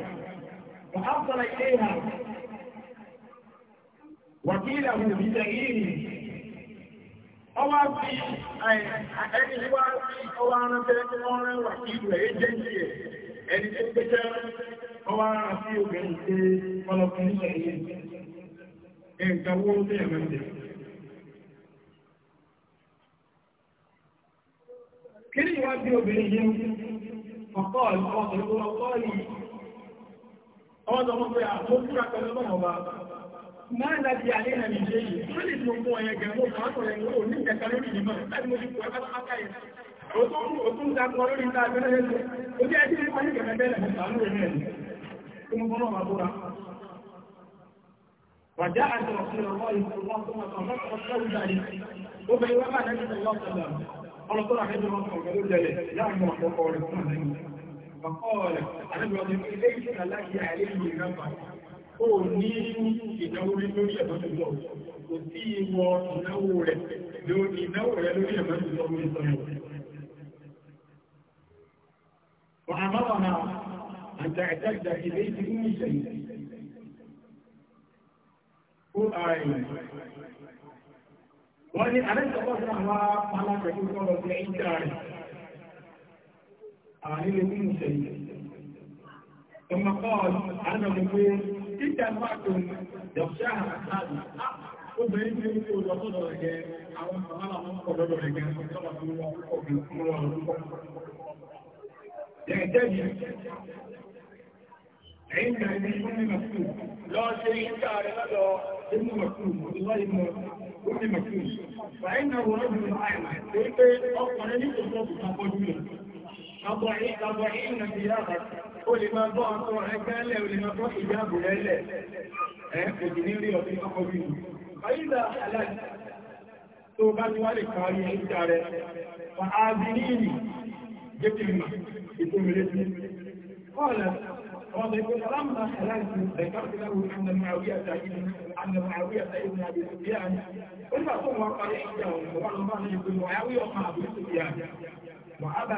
فأفضل إليها wàkílà hù bí tẹ̀gíìrì ọwá fi ẹni wá sí ọwá rántẹ́ ọrẹ́ wàkílù ẹ̀ jẹ́ ìṣẹ́ ẹni tó gbẹ́jẹ́ ọwá rán sí obìnrin pé ọlọ́kùnrin ṣẹ̀yìn ẹ̀ǹkàwó tẹ́ ẹ̀mẹ́jẹ̀ kí ni wá bí obìnrin ọ̀pọ̀ ọ̀pọ̀ ọ̀pọ̀ máa láti alẹ́ àmì ṣe yìí tó lè fi ogun ọ̀yẹ̀ gẹ̀rọ ọ̀pọ̀lọpọ̀ ẹ̀rọ ní ìjẹta lórí ìmọ̀ láti mo ti kò ẹ̀fà pápá yẹn ó tún dákọ̀ lórí ìta abẹ́rẹ́ lẹ́sẹ̀ ó jẹ́ ẹ̀sìn nípa ní kẹ̀kẹ́ bẹ́ẹ̀ lẹ́sẹ̀ sàánú rẹ̀ rẹ̀ tó mú bọ́lọ́ máa bóra wàjá àti ọ̀sìn ọ̀rọ̀ ìfọ̀lọ́ tó máa sọ̀rọ̀ ọ̀sẹ̀ ìdáyé ó bẹ̀rẹ̀ wá bá náà ní sọ̀rọ̀ ọ̀sẹ̀ ọlọ́tọ́rọ̀ àjẹ́jọ́ ọ̀sẹ̀ ló jẹlẹ̀ láàrin ọ̀pọ̀ ọ̀rẹ́ fún ọ̀rẹ́ ó ní ìnáwó lórí ẹ̀mọ́jùlọ kò sí ìwọ ìnáwó rẹ̀ lórí ìnáwó rẹ̀ lórí ẹ̀mọ́jùlọ lórí sọ́yọ̀ وأمرنا أن تعتد إليه أم شيء wọ́n ní àrẹ́sọ̀kọ́sọ̀ àwọn alákẹ̀ẹ́kọ́ ọ̀rọ̀ sí ìjà rẹ̀ àrílẹ̀ mímú sẹ́yìn ọmọkọ́ àádọ́gbogbo ìdàgbàtòun yọ̀ṣẹ́ àtàdì obìnrin tí ó lọ sọ́dọ̀ ẹ̀gẹ́ àwọn ọmọlá wọn kọ̀ lọ́dọ̀ ẹ̀gẹ́ sọ́dọ̀ fún wọn ọ̀gbìn fún wọn lọ́dọ̀ Ẹ̀jẹ́ yìí, ẹ̀yìn ìgbà ní fún mímọ̀ fún lọ ṣe ìgbà rẹ̀ lọ́dọ̀ ìmúmọ̀ fún ìwọ́ ìmọ̀ fún mímọ̀ fún. Fàyín náà wọ́n rọ́bùn àìmọ̀ tó ń pé ọkùnrin ní kò sọ́ọ̀bù kan pọ̀ ó lè máa bọ́ ọkọ̀ rẹ̀ gẹ́lẹ̀ ó lè máa bọ́ ìjáàbò rẹ̀ lẹ̀ ẹ̀ kò jì ní rí ọdún ọkọ̀ bí i àyíká aláàjì tó bá ti wá lè parí ìjà rẹ̀ wà á bí ní ìlú jẹ́ kí mà ètò mi létí kọ́ọ̀lá wọ́n sọ pé ọlọ́mọ aláàjì ẹ̀ka ti láwọ ọmọ àwíyà tàbí àmì àwíyà tàbí ní àbí ìsòfíà ni ó nígbà tó wọn parí ìjà òun wà lọ́wọ́ àwọn ìpinnu àyáwí ọmọ àbí ìsòfíà wà á bá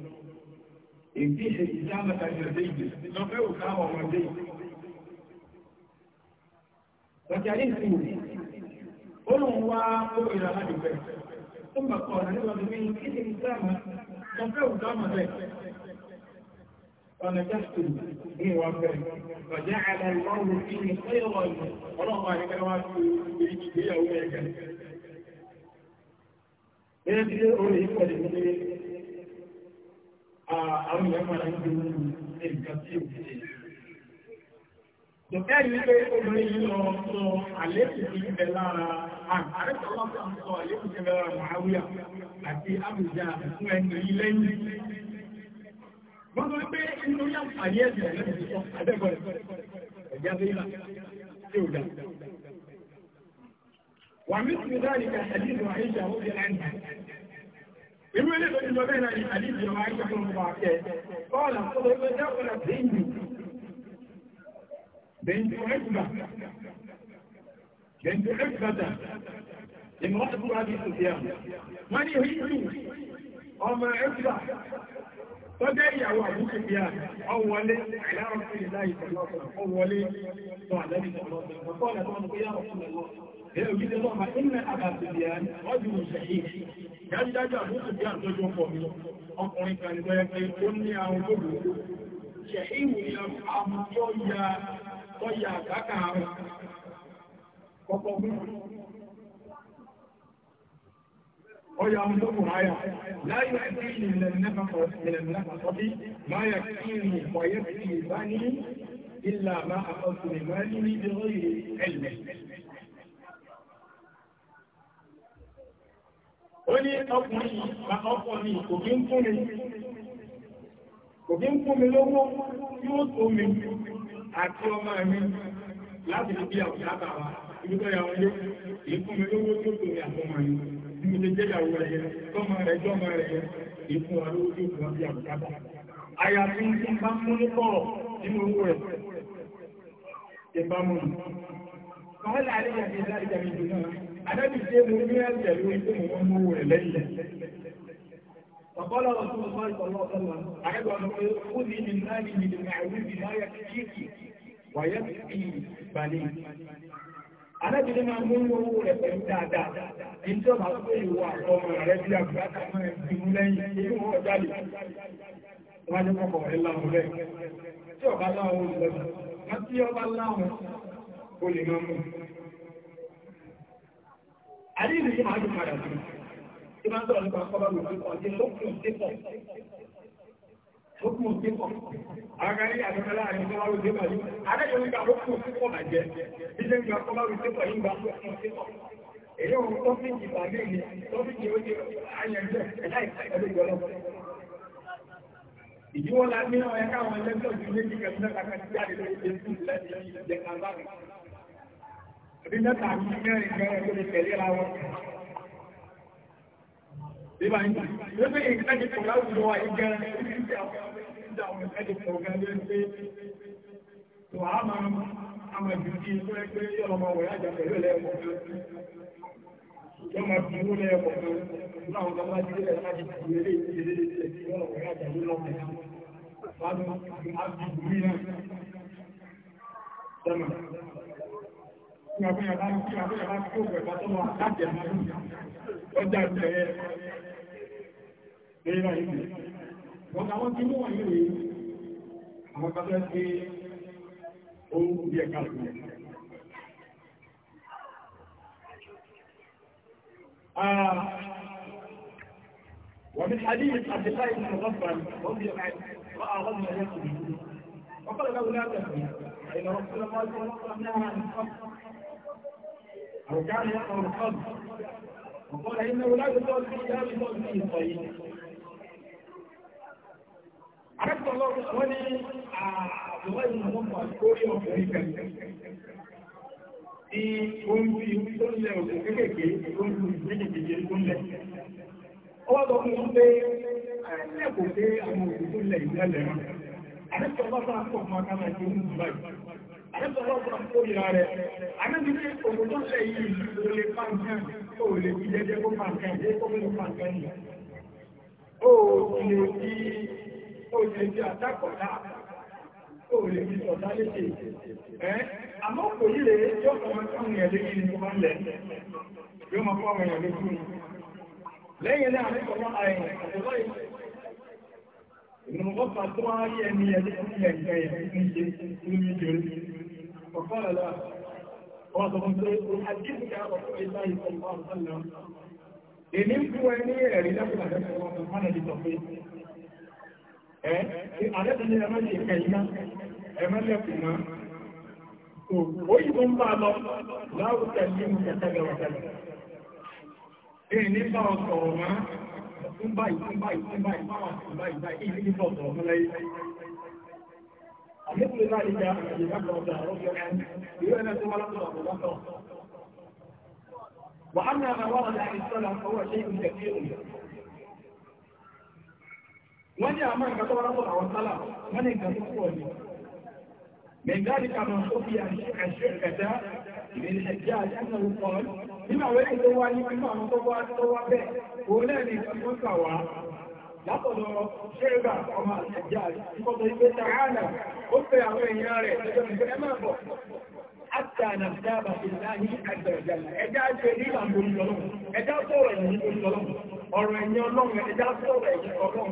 ìdíṣe ìdámẹ́ta ìrẹ̀lẹ́ ìgbè lọ́pẹ́ òkà àwọn ọmọdé ọjà ìsìn olóhùn wá kó ìrà láti bẹ̀ tó mọ̀ kọ̀ ọ̀nà nígbà tó bí i kí ni ìdámẹ́ lọ́pẹ́ òkà ọmọdé ọ̀nà jásùn ní ìwà bẹ̀ ọjà àlà ìwọ̀n fi ní ọ̀yọ̀ ọlọ́pàá àyíkẹ́ wá sí ìgbéyàwó ẹ̀gẹ̀ àwọn ìyẹn máa ń gbé nǹkan tí ò fi Dọ̀kẹ́ yìí pé obìnrin yìí lọ sọ àlékù ti bẹ lára àrẹ́sọ̀lọ́pọ̀ sọ àlékù ti bẹ lára Màáwíà àti Àbújá fún ẹni yìí lẹ́yìn. Wọ́n tó pé inú yà àyè ẹ̀sẹ̀ lẹ́yìn sọ àdẹ́gbọ̀rẹ̀ Irú ilé tó ti lọ bẹ́ẹ̀ náà ni àdíjì ọmọ àìṣẹ́ fún ọmọ akẹ́. Bọ́ọ̀lù tó lọ bẹ́ẹ̀ dákọ̀lá bẹ́ẹ̀ni. Bẹ́ẹ̀ni ẹgbà. Bẹ́ẹ̀ni ẹgbàdà. Ìmọ̀ ọ̀tọ̀ fún wa bí Sùfíà. Wọ́n ní tọ́jẹ́ ìyàwó àbúkù bí a ọwọlé àìlárọ̀kùnrin láì ọya mọ́tọ́kùn ayà láyé sí ilẹ̀ nẹ́fàkọ́tí máa yà kí ní ìpọ̀yẹ́ sí ìbá ní ìlà máa àkọsùn máa ní ní ìrọ̀ ẹ̀lẹ̀. ó ní ọkùnrin ma ọkùnrin kò kí ń fún mi kò kí ń fún mi lówó ọmọ mi láti fi bí àwọn ìlú tó yà wọlé kì í mi lówó tó tó mi àtọmọ mi mo lè jẹ́ ìyàwó rẹ̀ yẹn tọ́mọ rẹ̀ jọ́mọ rẹ̀ yẹn ìfún wa lówó tó fún wa bí àbùkátà àyàfi tí bá mú ní pọ̀ nínú owó rẹ̀ tí bá mú kọ́lá àríyá ti jù náà adájú tí mo ní ẹ̀jẹ̀ lórí tó mú owó rẹ̀ lẹ́yìn فقال رسول الله صلى alábìnrin máa mú owó rẹ̀ pẹ̀lú dáadáa èyí tí ó máa pé ìwà ọmọ rẹ̀ bí àgbàkà máa ti mú lẹ́yìn inú wọn jáde wọ́n ní kọ́kọ́ rẹ̀ láwọn rẹ̀ tí ọba láwọn olùlọ́dún wọ́n tí ọba láwọn o lè máa mú àdéhùn yìí hukumu sípọ̀. Àwọn kan ní àjọkẹ́ láàrin tó bá rú sípọ̀ yìí. Adájọ́ nípa hukumu sípọ̀ bàjẹ́. Bíjẹ́ nípa tó bá rú sípọ̀ yìí gba hukumu sípọ̀. Èyí òun tọ́fíìkì ìpàdé ni tọ́fíìkì ó ti ayẹyẹ láìpẹ́ ẹgbẹ́ ìjọba. Ìdíwọ́ la ní ọ̀yẹ́ káwọn ẹlẹ́gbẹ́ òjú méjì kẹ̀mí náà kàkà ti jáde lórí Facebook láti ìjẹ̀kà bá rẹ̀. Àbí mẹ́ta àti mẹ́rin gan tó lè tẹ̀lé ra Bébà ń gbà. Bébà yìí ká ti pọ̀ láwùjọ wa yìí gan-an. Nígbà wọn ká ti pọ̀ gan-an lórí pé tó a máa àmà jù kí tó ẹ pé yọ̀rọ̀ máa wọ̀ yájà pẹ̀lú ẹlẹ́ẹ̀kọ̀ kan. Yọ̀ máa fi owó lẹ́ẹ̀kọ̀ kan. Láwọn kan bá ti Bẹ́ẹ̀rẹ̀ ìpínlẹ̀. Wọ́n àwọn tí mú wọ̀nyí rèé, àwọn kọjọ́ sí ohun bí ẹ̀ká ìpínlẹ̀. ومن حديث عبد الله بن مغفل رضي الله عنه راى رجلا يكتب وقال له لا تكتب فان رسول الله صلى الله عليه وسلم نهى عن الخمر او كان يقرا الخمر وقال انه لا يصلي لا يصلي فيه طيب akẹ́kọ̀ọ́ wọ́n ní àbúrò ìmọ̀lọ́pọ̀ àkórí ọkùnrin kẹ̀kẹ́ ní oúnjú ìwú tó ń lẹ òkú kéèkéé oúnjú ìgbẹ́jẹ̀jẹ̀ tó ń lẹ. ó wá lọ fún un pé ah, ẹ̀ẹ́dẹ́gbò pé àwọn òkú tó lẹ ìgbẹ́lẹ̀ rán àdẹ́sọ̀ lọ́sọ̀ àpọ̀ fún akára ìgbẹ́ oúnjẹ báyìí àdẹ́sọ̀ lọ́sọ̀ àpọ̀ ìra rẹ̀ àdẹ́sọ̀ pé òkú tó lẹ yìí ló lè pàǹkan tó lè fi jẹ́jẹ́ kó pàǹkan ó kó mú pàǹkan yìí. ó ti lè fi lè fi àtàkọ̀dá tó lè fi sọ̀dá léṣe ẹ́ àmọ́ kò yí lè yọ́ ọmọ tí wọ́n yẹ̀ lẹ́yìn ní wọ́n lẹ̀ yóò mọ̀ fún ọmọ yẹ̀ lójú ni lẹ́yìn náà ní ọmọ àìyàn ọ̀dọ́ ìnùmọ̀ fà tó wá yẹ ní ẹni fún ẹ̀gbẹ́ ẹ̀ ní ṣe ní ní jẹ́rẹ́ ọ̀pọ̀ àlá wọ́n sọ fún pé àdínkù yà ọ̀pọ̀ ìlà ìfọ̀mọ́ àbúkálẹ̀ èmi ń fún ẹ ní ẹ̀rí lẹ́kùnrin àti ẹ́ àdẹ́bìnrin ẹmọ́ lè kẹ iná ẹmọ́ lẹ́kùn náà òyìnbó ń bá lọ láwùjẹ́ ní ìjẹ́tẹ́lẹ̀ ọ̀tẹ́lẹ̀ èyí ní bá ọ̀sọ̀ ọ̀má ń bá ìtún bá ìtún bá ìtún bá ìtún bá ìtún bá ìtún bá ìtún bá ìtún وأما ما ورد عن السلف فهو شيء كثير wọ́n ní àmọ́ ìgbà tó wọ́n lọ́pọ̀ àwọn sálà wọ́n ní ìgbà tó pọ̀ ní mẹ̀gáàdì kàmọ̀ tó fi àṣẹ ẹ̀dá ìrìnlẹ̀ jẹ́ àṣẹ olùkọ́ nínú àwọn èdè wá ní pínlẹ̀ àwọn tó wá tó wá bẹ́ẹ̀ òun náà ní ìgbà tó kà wá látọ̀dọ̀ ṣẹ́gbà ọmọ àṣẹjá ìfọ́tọ̀ ìgbé tààlà ó fẹ́ àwọn èèyàn rẹ̀ lọ́jọ́ ìgbẹ́ ní ìlànà olùlọ́lọ́run, ọ̀rọ̀ ẹ̀yìn ọlọ́run, ẹjá sọ̀rọ̀ ẹ̀yìn ọlọ́run.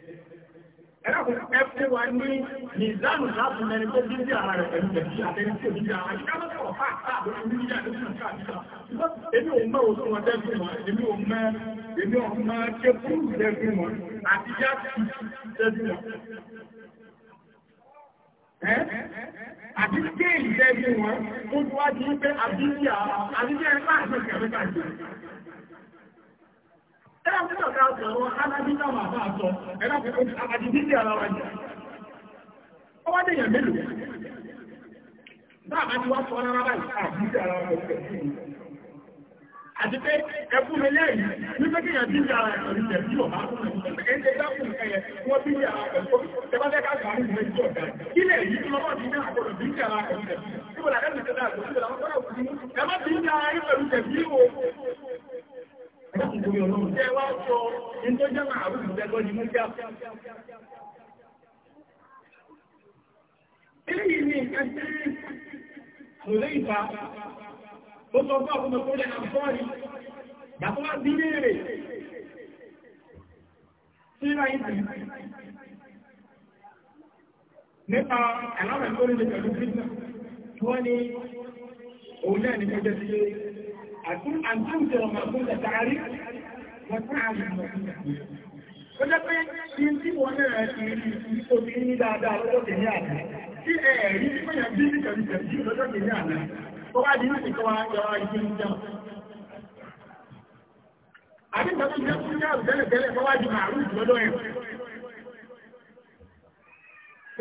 Ẹ̀fẹ́ wa ní ìlànà láti mẹ́rin tó bí bí ara rẹ̀ pẹ̀lú ẹ̀bí àtẹ́rí tí ò bí ara rẹ̀. Káwọn sọ̀rọ̀ fà sáà lórí ní ìjà lórí ìjà àjíjà. Èmi ò mẹ́ òṣùn wọn tẹ́bí wọn, èmi ò mẹ́ èmi ò mẹ́ kékùrù tẹ́bí wọn, àti já ti tẹ́bí wọn. Àti kéèlì tẹ́bí wọn, ó tún wá di pé àbíyà, àbíyà ẹ̀ká àti ìkẹ̀mẹ́ta Àti pé ẹkùn mi lẹ́yìn ní pé kíyàn tí ìjà ara ẹ̀kọ̀ ìjẹ̀ tí ọ̀bá fún ẹ̀kùn ẹ̀kùn ẹ̀kùn ẹ̀yẹ wọ́n tí ìjà ara ẹ̀kùn tẹbátẹ́ káàkiri àwọn ìwé ìjọ ọ̀gá. Ilẹ̀ yìí tí lọ́wọ́ ti ní àkọlù tí ìjà ara ẹ̀kùn ẹ̀kùn Gbogbo ọgbọ́ ọkùnmọ̀ tó lẹ́nà fọ́ọ̀rí, yàtọ́ wá bí léèrè, tí láyé tí nípa ẹ̀lọ́rẹ̀ tó lè pẹ̀lú fíjì, wọ́n ni òun náà ní kẹjẹ sí àtún àtúnṣe ọmọ àtúnṣe tààrí wọ́n tún àrí ọmọ ó jẹ́ pé kí n tí wọ́n náà ti rí ìtòbí ní dáadáa lọ́jọ́ kìíní àná tí ẹ rí pẹ̀yà bí ní kẹ̀lú kẹ̀lú lọ́jọ́ kìíní àná tó wá di láti kọ́ ara ìgbé ní jẹun àbí ìgbà tó jẹ́ fún jẹ́ àrùtẹ́lẹ̀ tẹ́lẹ̀ tó wá di màálù lọ́dọ̀ ẹ̀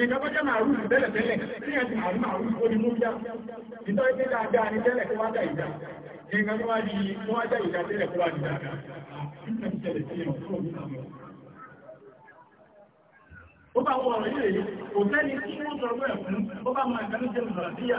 ìjọba màrú tẹ́lẹ̀ tẹ́lẹ̀ tí ẹ̀ ti màrú màrú ó ní mú yá ìtọ́ ìpé dáadáa ní tẹ́lẹ̀ kó wá dá ìdá tó wá di kó wá dá ìdá tẹ́lẹ̀ kó wá di dáadáa ó bá wọ ọ̀rọ̀ yìí kò sẹ́ni tí wọ́n sọ ọgbẹ́ ẹ̀kún ó bá máa ìdánilẹ́jẹ̀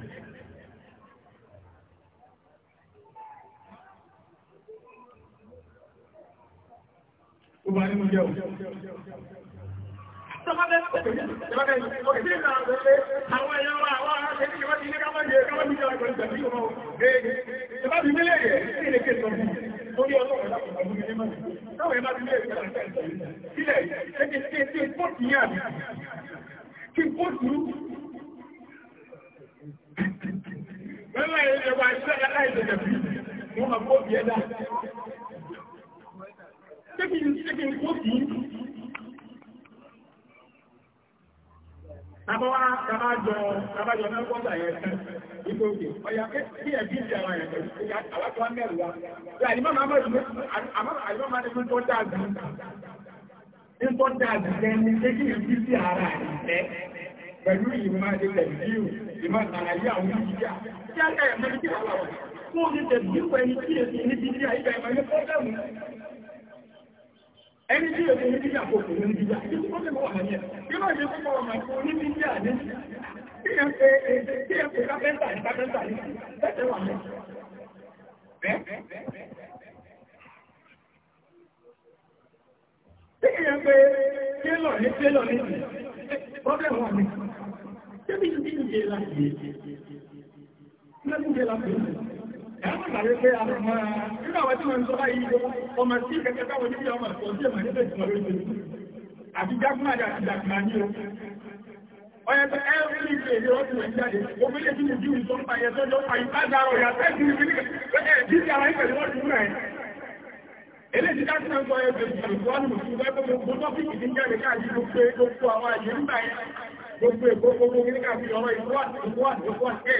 ó bá nínú jẹ́ òun. Àwọn ẹ̀yọ́ wa wá ṣe ní ìwọ́n ti ní káwọn yẹ káwọn ní ìjọba ìgbẹ̀lẹ̀ ìgbẹ̀lẹ̀ ìgbẹ̀lẹ̀ ìgbẹ̀lẹ̀ ìgbẹ̀lẹ̀ ìgbẹ̀lẹ̀ ìgbẹ̀lẹ̀ ìgbẹ̀lẹ̀ ìgbẹ̀lẹ̀ ìgbẹ̀lẹ̀ ìgbẹ̀lẹ̀ Àbọ́wá tàbájọ tàbájọ náà kọ́ta ẹ̀ ìgbò òkè, ọ̀yà kí ẹ̀bí ìjẹ àwọn ẹ̀kẹ́ àwájọ́ mẹ́rin wá. Àdìmọ́ máa bọ́ ìgbẹ́ àdìmọ́ máa ní fún tó dáàbì. Ní tó dáàbì lẹ́ni, ṣé kí ìbí sí ara rẹ̀ pẹ̀lú ìmọ̀ ìlẹ̀bíù, ìmọ̀ àlàyé àwọn ìjìyà. Kí á ẹni tí èdè ní bíjà kò ní bíjà tí ó lè mọ́ wà ní ẹ̀ tí wọ́n ṣe púpọ̀ ọmọ ìfún ní bíjà ní tí ẹ pé tí ẹ pé kápẹ́ntà ní kápẹ́ntà ní tẹ́tẹ́ wà ní ẹ̀ tí ẹ pé tẹ́lọ̀ ní tẹ́lọ̀ ní problem wà ní tẹ́bí ti ti jẹ́ láti yé lẹ́kùn jẹ́ láti yé Àti jágúnmà àti ìdàkùnmà ní o. Ọyẹ́ tó ẹ́rùn ní ìpèdè ọdún ẹ̀ jáde, ó fi lè tínú jíun tó ń pa ẹ̀tọ́ jọ pa ìpájárọ̀ ìyàtẹ́ ìdírí bí i jíjí ara ìpèdè ọdún rẹ̀. Elé ti dákùnmà ń sọ ẹgbẹ̀ ìgbẹ̀rùn-ún mùsùlùmí gbogbo ìgbogbo nígbàtí ọ̀rọ̀ ìgbọ́n ìgbọ́n ẹ̀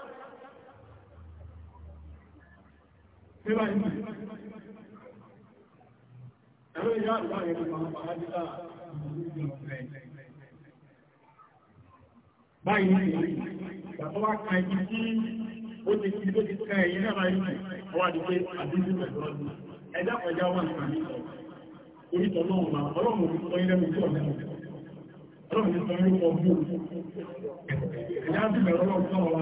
Bíbá ìmọ̀. Ẹ̀rọ ìyá àgbà yẹn ló máa ń bàá Ẹjá pẹ̀já wà nípa ní sọ. ọlọ́run ti sọ ilé mi tí ọ̀nà ọlọ́run ti sọ ilé ọgbọ́n. Ẹjá ti bẹ̀rẹ̀ ọlọ́run náà wà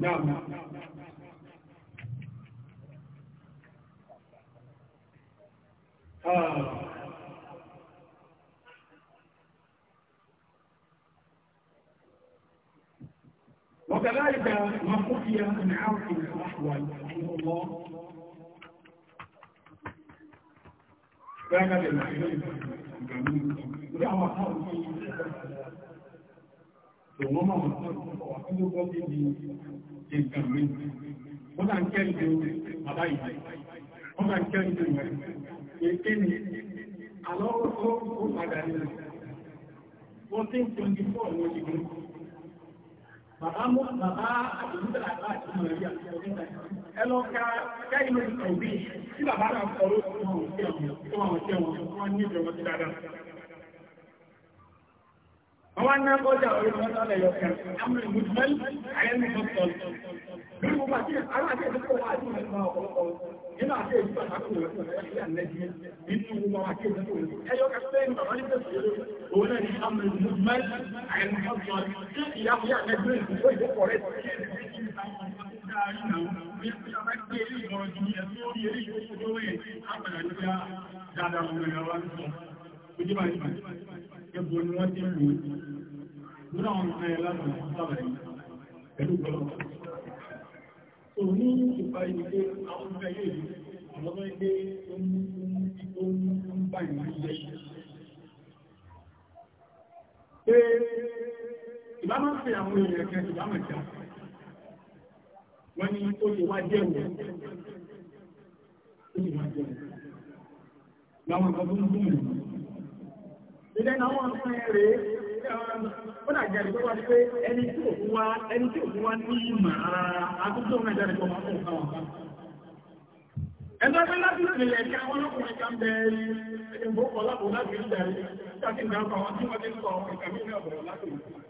نعم آه. وكذلك ما خفي من عرف الأحول رحمه الله كان للعلم الجميل ودعوة òun máa ń tọ́ ọ̀tún wọ́n bá ń kẹ́ ìlú bàbá ìlú wọ́n bá ń kẹ́ ìlú rẹ̀ èké ni alọ́wọ́ tó Àwọn náà kọjá orí mọ́tọ́lẹ̀ yọkẹ̀, àmì ìmúdúmọ́lì, àyẹ́mí fọ́tọ̀lù. Bí mo bá tí àwọn àti ẹ̀dùkọ́ wà ní ọ̀pọ̀ ọ̀pọ̀ nínú àti ẹ̀dùkọ́ àkókò rẹ̀ sí àlẹ́jì nínú wọn àti ẹ̀dùkọ́ rẹ̀. Ẹyọ kẹfẹ́ ìmọ̀ wọn ní pẹ̀sẹ̀ yóò òun náà ní àmì ìmúdúmọ́lì, àyẹ́mí fọ́tọ̀lù. Tí ìyá fún yà lẹ́gbẹ̀ẹ́ ìgbẹ̀kọ́ ìgbẹ̀kọ́ rẹ̀ sí ẹ̀dùkọ́ ìgbẹ̀kọ́ rẹ̀ sí ẹ̀dùkọ́ ẹgbò ni wọ́n ti lò lórí àwọn ọmọ ẹ̀ láti sábà yìí pẹ̀lú pẹ̀lú. So ní ìpa ìdílé àwọn ọmọ ẹ̀yẹ yìí, àwọn ọmọ ẹgbẹ́ tó ń bá ìlú jẹ́ láwọn ọmọ tó ń ìdẹ́nà àwọn ọ̀sán rẹ̀ ó dàgbà ìgbé wá pé ẹni tí ò wá ẹni tí ò wá ní ìmọ̀ ara àtúntò ọmọ ìjà nìkan máa ń fún àwọn kan. ẹgbẹ́ pé láti ìpìlẹ̀ kí àwọn ọlọ́kùnrin kan bẹ ẹgbẹ́ ìgbókọ̀ lápò láti ìjà rẹ̀ láti ìgbà kan tí wọ́n ti sọ ìkàmí ní ọ̀bọ̀rọ̀ láti ìjà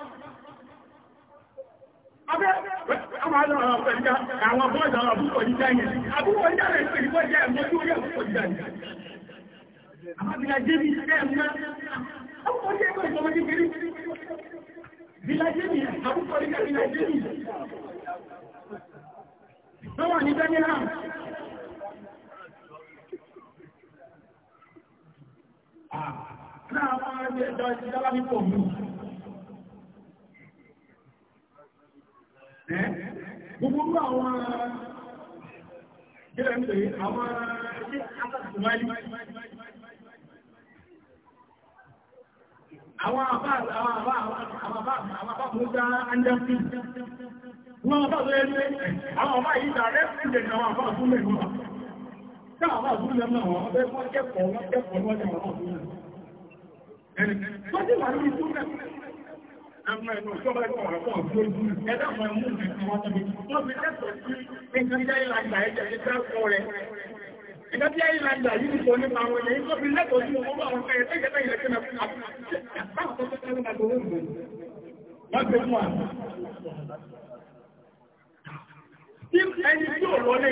Abẹ́ àwọn àjọ àwọn ọ̀pẹ̀lẹ́gá, àwọn bọ́ọ̀dà àwọn àbúkò ìjà yẹn. Àbúkò ìjà rẹ̀ pẹ̀lú bọ́ọ̀dà ẹ̀mọ́ tí ó yẹ àbúkò ìjà yẹn. Àwọn àbìlà jébì ṣẹ́ ẹ̀mọ́. Àbúkò ìjà ẹ̀kọ́ ìjọba kékeré. Bìlà jébì, àbúkò ìjà bìlà jébì. Daniel Ham. Náà wọ́n á ń jẹ́ ìjọba ìjọba ní pọ̀ mú. Gbogbo àwọn gẹ́gẹ́ pé àwọn àwọn àbá àwọn àbá àwọn àbá àwọn àbá mú dá andẹ́fì. Wọ́n àbá tó yẹ pé àwọn àbá yìí dà rẹ́ fún ìdẹ̀nà àwọn àbá tó mẹ́rin wà. Táwọn àbá tó lẹ́mọ̀ àwọn ọ̀bẹ́ wọ́n kẹ́kọ̀ọ́ wọ́n kẹ́kọ̀ọ́ wọ́n jẹ́ àwọn àbá tó mẹ́rin. Ẹni, wọ́n sì wà lórí tó mẹ́rin. Ìjọ́ tí ayé lágbà yìí nìkan nípa àwọn ilẹ̀ yìí tó fi lẹ́kọ̀ọ́ sí ọmọ àwọn ọ̀fẹ́ ẹ̀tẹ́gẹ̀ta ilẹ̀ tí na fún àwọn àwọn tó tẹ́lẹ̀ lágbà orí ìgbò. Wọ́n gbé fún àwọn. Tí ẹni tí ò lọ lẹ́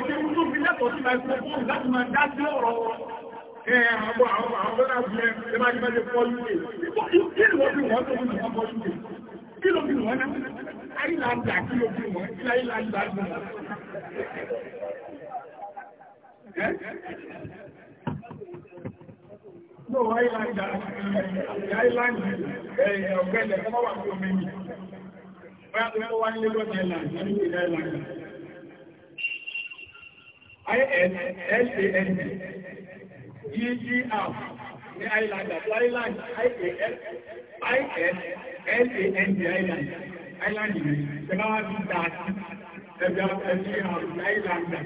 Kí ló bí wọ́n náà? Àìlàndà kí ló bí wọ́n? Kí láìlàndà bí wọ́n? Ẹ́? No, àìlàndà, àìlàndà, ẹ̀yẹ̀ ọ̀gbẹ́lẹ̀ kọ́mọ́ wà fún omi. Bẹ́ẹ̀ wọ́n wá nílé lọ́jẹ́ láàrín ní ìlà ìlàndà. INLAND GGF ní Ireland àti Ireland ISLAND Ireland Ireland ìwé ìjọba wá bí dáàtì ẹgbẹ́ ẹgbẹ́ Ireland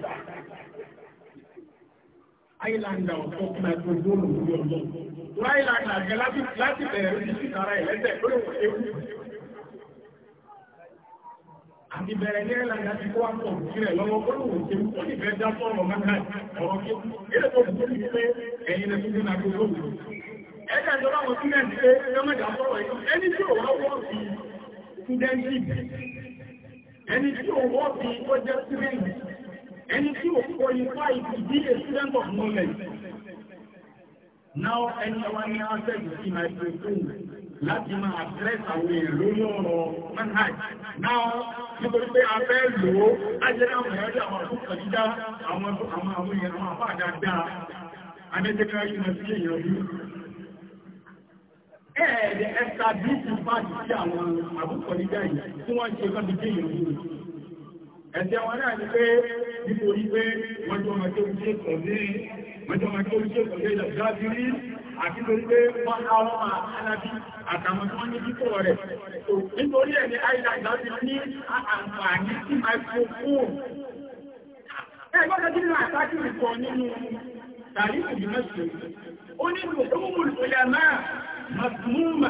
Ireland ọ̀tọ́ fún ẹgbẹ́ gbóòrùn lórí ọjọ́ Ireland àgbẹ̀ láti bẹ̀rẹ̀ sí ara ẹ̀lẹ́tẹ̀ lórí òkú àti bẹ̀rẹ̀ ní ẹ̀lá ìdájí kó wá pọ̀ ìrẹ̀ lọ́wọ́ gbọ́nà òṣèlú tó ní bẹ́ẹ̀ dá sọ́rọ̀ mẹ́ta ọ̀rọ̀ kí ó tó tó ní pé ẹ̀yìn rẹ̀ tó náà gbogbo ẹ̀dà ìjọba wọn tún mẹ́rin pé ẹ̀mẹ́dà sọ́rọ̀ ẹni tí ó wọ́ fi studentship ẹni tí ó wọ́ fi project student ẹni tí ó qualify to be a student of knowledge now ẹni ọwá ní access to my profession láti máa àdírẹ́sì àwọn èlò lọ́rọ̀ manhaj náà nítorí pé a fẹ́ lò ó ajẹ́rẹ́ àwọn ẹ̀rọ àwọn àkókò dídá àwọn àwọn èèyàn àwọn àfáà dáadáa anẹ́tẹ́kẹ́ ìrìnà sí èèyàn yìí ẹ̀ẹ̀dẹ̀ ẹ̀ta bíìtì bá ti sí àwọn àkókò dídá yìí tí wọ́n ṣe kọ́ ti dé èèyàn yìí ẹ̀sẹ̀ wọn náà ni pé nítorí pé wọ́n jọ ọmọdé ojú ẹ̀kọ́ mẹ́tọ́mọ̀ kí oríṣẹ́ ìpọ̀lẹ́ ìdàgbàjú rí àti lórí pé wọ́n àwọn alábí àtàwọn tí wọ́n ní títọ̀ rẹ̀. Nítorí ẹ̀ ni àìdá ìdájú ní àǹfààní sí microphone. Ẹgbọ́n tí nínú àtàkì ìkọ̀ nínú tàrífù bí mẹ́sùn. Ó ní ìgbòkúmùl ulama mazmuma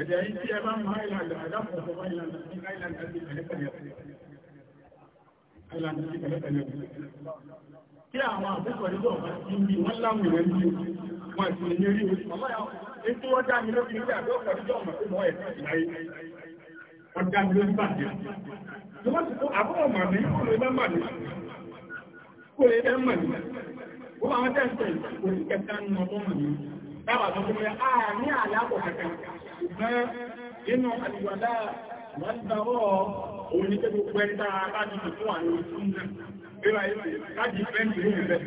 ẹ̀dẹ̀ yìí tí ẹ bá mú Island àdápọ̀pọ̀ Island ní Island àti pẹ̀lẹ́pẹ̀lẹ́ kí àwọn àbúkọ̀ nígbà ọ̀pá ti ń bí wọ́n láwọn ìwẹ̀ ní wọ́n ti ní rí orí ọmọ yà ní tí wọ́n dá mi lóbi nígbà àbúkọ̀ nígbà ọmọ tó mọ́ ẹ̀ láyé wọ́n dá mi lóbi bàjẹ́ tí wọ́n ti kó àbúkọ̀ mà mí kó lè bá mà Dábàá tó fún mi, a ní àlápọ̀ kẹta. Ṣùgbọ́n nínú àdìgbàdá wọ́n dáwọ́ òun ní tẹ́gbẹ́ pẹ́ta láti fi fún àwọn ìṣún náà. Bí wáyé, láti fẹ́ǹtì ní ìrẹ̀.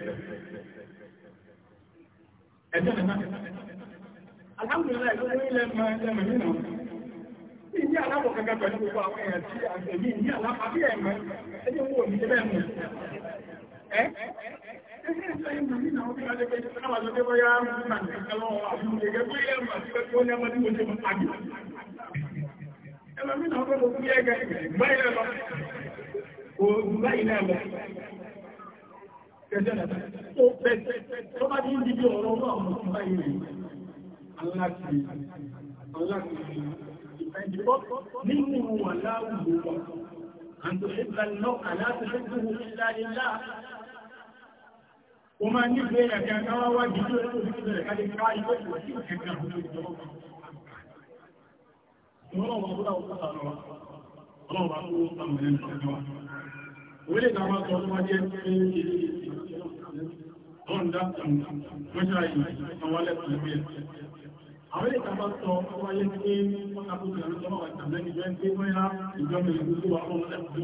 Ẹ̀jẹ̀ nìmá. Alhamdulillah, ìlú ilẹ̀ mọ̀ ẹ̀mẹ̀ nínú. Ìdí àlápọ̀ kẹta pẹ̀lú gbogbo àwọn èèyàn tí àtẹ̀mí ní àlápàá bí ẹ̀mẹ̀ ẹ̀jẹ̀ wò ní ẹ̀mẹ̀. Ẹ́ Ẹlọ́mínà ọgbọ́n tó kúrò ẹgbẹ̀ báyìí lọ, òògùn báyìí náà lọ. Kẹjọ́ náà, ó bẹ̀ tó bá ní ìdíbí ọ̀rọ̀ ọmọ ọmọ báyìí rẹ̀. Aláàkì, aláàkì, ìfẹ́jìbọ́ nínú wà láwùjọ wa. Àǹtò ṣe mo máa ní ìwé wájú tó ẹ̀kọ́ sí ìbẹ̀rẹ̀ káde káwá ìwé ìwé sí ìkẹ́kẹ́ àwọn ìjọba ọlọ́run ọ̀pọ̀lọpọ̀ ọ̀pọ̀lọpọ̀ ọlọ́run ọ̀pọ̀lọpọ̀ ọ̀pọ̀lọpọ̀ orílẹ̀ ìdáwà sọ fún ajẹ́ tí ọ̀ndá mọ́ṣáà yìí àwọn alẹ́kùn ẹgbẹ́ ẹ̀. àwọn ilé ìtàbá sọ fún ajẹ́ tí wọ́n tàbí ìrànlọ́wọ́ àtàlẹ́gbẹ̀ẹ́ tí wọ́n yá ìjọba ìlú tó wà fún ọlẹ́kùn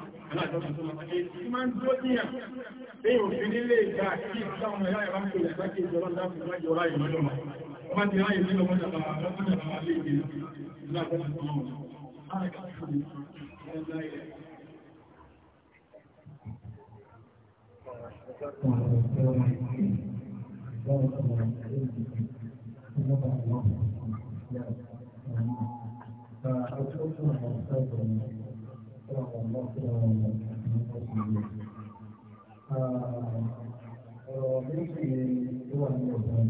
Tí máa ń dúró díyàn, pé òfin nílé ìgbà kí ìsáwọn ẹ̀yà ìwá ń pè ìgbà kí ìjọba ń dákùn láti ọlá ìmọ́lọ́mà. Ọmọ ti ráyè nílọ mọ́ta bá lọ́pọ̀ ìjọba máa lé ìgbè láàrín ọmọ. Thank you ọ̀rọ̀ méjì ló wà ní ọ̀dọ̀ ní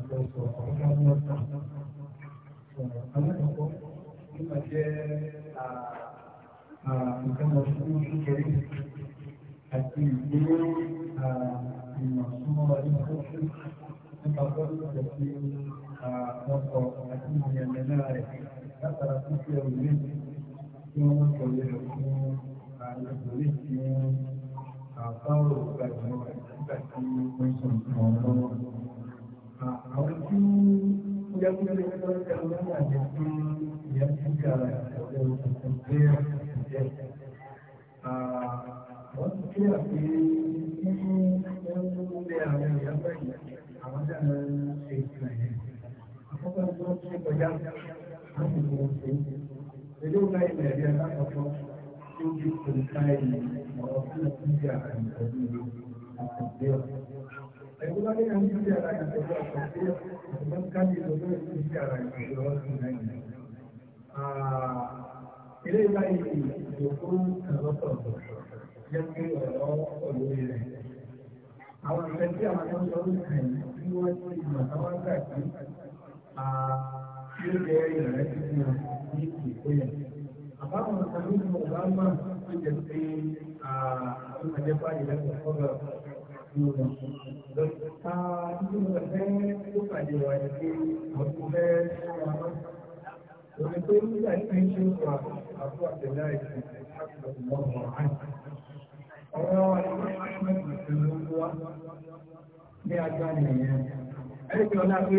àtọ́sọ̀ ọ̀pọ̀ ní ọ̀sán alákọ̀ọ́kọ́ nípa jẹ́ nǹkan lọ fún kékeré àti ìgbé ìmọ̀ súnmọ́ wa ní ọ̀sán nípa bọ́ọ̀lù àti ọkọ̀ àti ìyẹ̀mẹ̀ náà rẹ̀ látara fífi ẹrù méjì nítorí tí àbáwò gbàgbọ́ nígbà tí wọ́n sọ nǹkan lọ́wọ́. Àwọn tí ó yẹ kí lè tọ́ ẹ lọ́wọ́ àti tí ìyá ti di ara ìṣẹ̀lẹ̀ òkùnkùn pé ìṣẹ̀lẹ̀. Wọ́n ti kí àpé nínú ẹ̀rọ ilé àwọn ìyá báyìí àwọn dáná ṣe ìṣẹ̀lẹ̀. Àkọ́kọ́ tí wọ́n ti kọjá láti mú un ṣe. Èdè ó láì lẹ̀ bí alákọ̀ọ́kọ́. يوجد في الحال وربنا تنجع عن سبيل التصديق فيقول لك أن تنجع عن سبيل التصديق ومن كان يدور تنجع عن قدرات النجم إليه بأي يكون الرسل يمكن الله ولوي له àwọn ìfẹ́sí àwọn tó ń lọ ní ẹ̀yìn tí wọ́n ti mọ̀ táwọn gbà sí yóò jẹ́ ìrẹ̀lẹ́sì náà ní ìpínlẹ̀ báwọn ọ̀sán ní ọ̀gá máa ń jẹ́ pé àwọn àjẹpá ìlẹ́kọ̀ọ́ sọ́dọ̀ Onítorí àìsíṣẹ́ wà àbúrò àtẹ̀lá ìsìn láti ọ̀pọ̀lọpọ̀ àìsìn. Ọ̀rọ̀ àìsíṣẹ́ ìpínlẹ̀ owó wá ní ajá nìyẹn. Ẹ̀rẹ́kì ọlá pé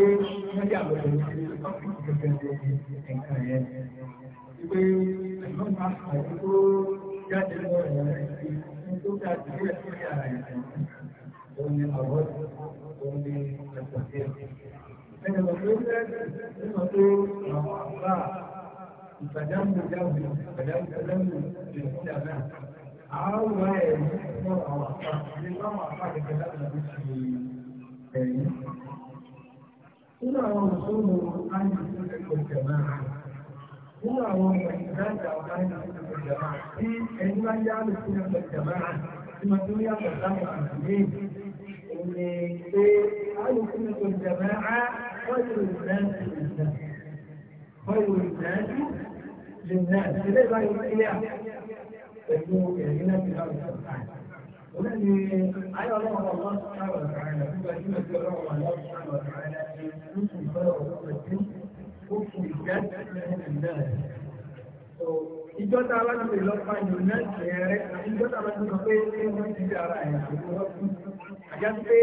wọ́n jẹ́ àbọ̀lẹ̀ ìpínlẹ̀ ọ̀pọ̀lọpọ̀ pé ẹ̀mọ́ máa pọ̀ tó jáde lọ ẹ̀rọ ẹ̀sìn tó ga jù lọ sí ara ẹ̀sìn òun ni ọ̀rọ̀ òun ni ẹ̀sọ̀ sí ẹ̀sìn. Ẹni lọ pé ó fẹ́ nínú pé àwọn àbá ìpàdánù jáwé ìpàdánù pẹ̀lẹ́mù ìrìnàjò náà. Àwọn ẹ̀rí fún àwọn àpá ní báwọn àpá kẹ̀kẹ́ láti lọ sí ẹ̀yìn. Nínú àwọn òṣèlú ayélujára ẹ̀kọ́ ìjọba náà. nínú àwọn ìgbàgbà ọ̀gá ìlú ìjọba tí ẹni bá yá lè fún ẹgbẹ̀ ìjọba tí wọ́n tó yàtọ̀ láwọn àgbègbè òní pé alùpùpù ẹgbẹ̀ ìjọba á kọ́yọ̀ ìrìnàjò ìjọba kọ́yọ̀ ìrìnàjò ìjọba ilé ìbáyọ̀ ilé à pẹ̀lú ẹ̀rí náà ti láwọn ìjọba ولكن على الله الله سبحانه وتعالى بما يمثل الله سبحانه وتعالى في نصف الدين Ìjọta alájúwẹ̀ lọ́pàá ìlú náà ṣẹ̀rẹ̀, ìjọta alájúwẹ̀ pé ṣe wọ́n ti di ara ẹ̀yà tó rọ́pù. Àjá pé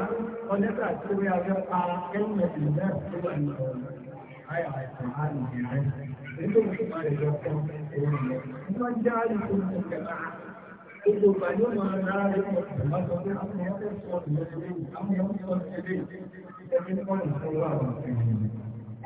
àrùn ọjọ́ta tí ó rí abẹ́ pa ẹ̀yìn ẹ̀dùn náà tó wà ní ọ̀rọ̀ àyà àìsàn àrùn ìrìn. rẹ̀ lọ́pọ̀ òun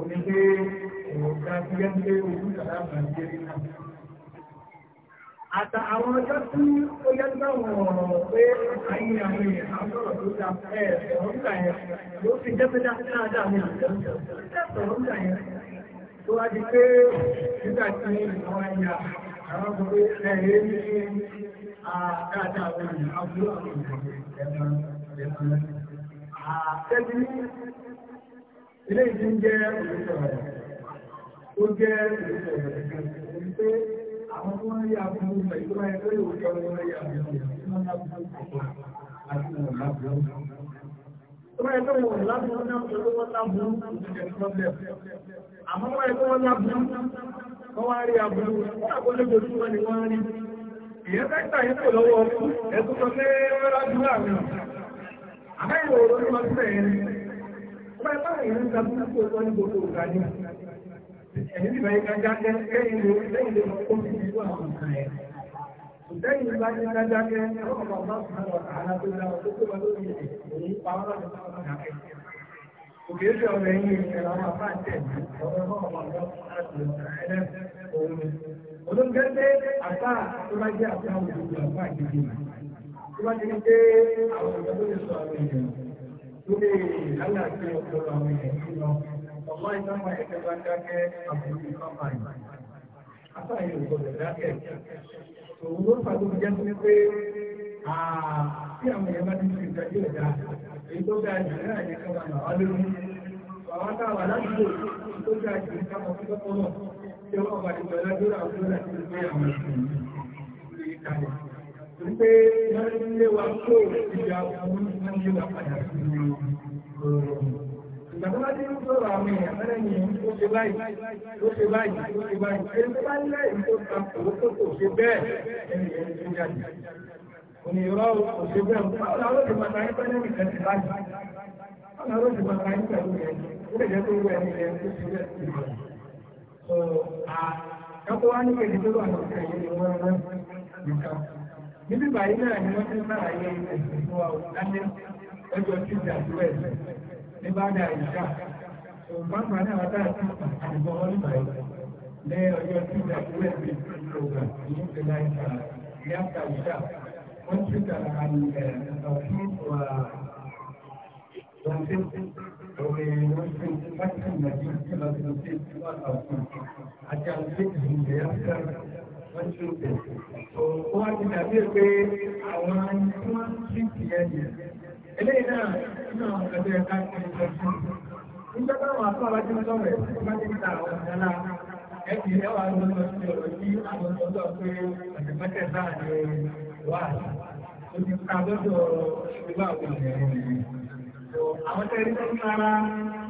òní pé òǹkà tí yẹ́ pé ojú kàrá bàjẹ́ náà. Àtà àwọn ọjọ́ tí ó yẹ́ láwọn ọ̀rọ̀ pé ayé àwọn èèyàn àwọn ọ̀rọ̀ tó dá ẹ̀ ọ̀rúkà yẹn di pé nígbà tí àwọn ẹ̀yà àwọn ọmọ ẹ̀yẹ ní dáadáa àwọn èèyàn àwọn ọ̀rọ̀ ilé ìdí ń jẹ́ òṣìṣẹ́ rẹ̀ ó jẹ́ òṣìṣẹ́ rẹ̀ kìí pé àwọn tó ń rí abúlé rẹ̀ tó bá yẹ pé òṣìṣẹ́ rẹ̀ wọ́n rí abúlé rẹ̀ tí wọ́n lábúlé pọ̀pọ̀ àti wọn lábúlé rẹ̀ tó bá yẹ pé wọn lábúlé náà tó ló wọ́n lábúlé òṣìṣẹ́ problem àmọ́ wọ́n yẹ pé wọ́n lábúlé lọ́wọ́ ẹ̀kú sọ pé wọ́n lábúlé àwọn àbẹ́yẹ̀ òòrùn ló ń sẹ́yìn kálukú tó ní gbogbo ìgbà ní ẹ̀yìn ìgbà yìí kájá kẹ́ lẹ́yìn ló lẹ́yìn ló mọ kó fi ìlú àwọn nǹkan ẹ̀. lẹ́yìn ìgbà yìí kájá kẹ́ ọ̀rọ̀ bàbá sùn lọ àlá tó dá ọ tó tó wà lórí ẹ̀ òun pa ọ́ láti sọ̀rọ̀ náà ẹ̀. òkè ṣe ọ̀rọ̀ ẹ̀yìn ẹ̀rọ àwọn àbá tẹ̀ ọ̀rọ̀ náà wà lọ́ olóńgẹ́gbẹ́ àbá tó bá jẹ́ àbá òdòdó àbá àgbègbè tó bá jẹ́ pé àwọn ìgbàlódé sọ àwọn ènìyàn tó lè lálàáfíà ọ̀pọ̀lọpọ̀ àwọn èèyàn tó lọ ọmọ ìdámọ̀ ẹ̀kẹ́ bá dákẹ́ àbúrú ìfọ́nmà yìí afáàyè ògbọ̀dọ̀ dákẹ́ òun ló fà tó jẹ́ sí pé tí àwọn èèyàn bá ti fi ìtọ́jú ẹ̀dá èyí tó ga jù náà ní kí wọn àwọn lórí àwọn táwọn aládùúgbò tó ga jù ní káwọn fún náà wípé wọ́n ń lé wa tó ìjà òun wọ́n lé wa padà sí ọ̀rọ̀. Ìgbàgbọ́n tí ó sọ̀rọ̀ àwọn èèyàn ni ó ṣe báyìí, ó ṣe báyìí, ó ṣe báyìí. Èyí tó bá lẹ́ ìlú tó ta kò tó kò ṣe bẹ́ẹ̀ ẹni ẹni tó jáde. Òní ìrọ̀ kò ṣe bẹ́ẹ̀ mú. Báwo la ó ti pẹ̀lú tó ṣe ní kèdè yìí ni wọ́n rán nìkan níbi báyìí náà ni wọ́n ti sára yẹ ẹ̀sìn fún wa lálẹ́ ọjọ́ tí ìjà tó ẹ̀ ní bá dà ìjà òǹpápá náà wá dáa sí àgbọ̀ wọn ní báyìí lẹ́ ọjọ́ tí ìjà tó ẹ̀ ní ìjọba ní ìjọba ìjà ní àgbà ìjà wọ́n ti sára àmì ẹ̀ ọ̀tún wa wọ́n ti ọ̀rẹ́ wọ́n ti láti ìrìnàjò ìjọba tó ti wá àwọn àti àwọn wọ́n tí ó bẹ̀. Ó wá ti dàbí pé àwọn tí wọ́n tí ti ẹ̀yẹ̀. Eléyìí náà nínú àwọn ọ̀gá ẹ̀ka ti ń sọ sí. Nígbà táwọn àtúwà bá ti ń sọ̀rọ̀ ẹ̀ bá ti ń ta àwọn ìyálà ẹ̀kì ẹwà lọ́dọ̀ sí ọ̀rọ̀ sí àwọn ọ̀dọ́ pé àtìmọ́tẹ̀ náà ni wà. Ó ti ka lọ́dọ̀ ìgbà àwọn ìyẹn. Àwọn tẹ́lẹ̀ tó ń kára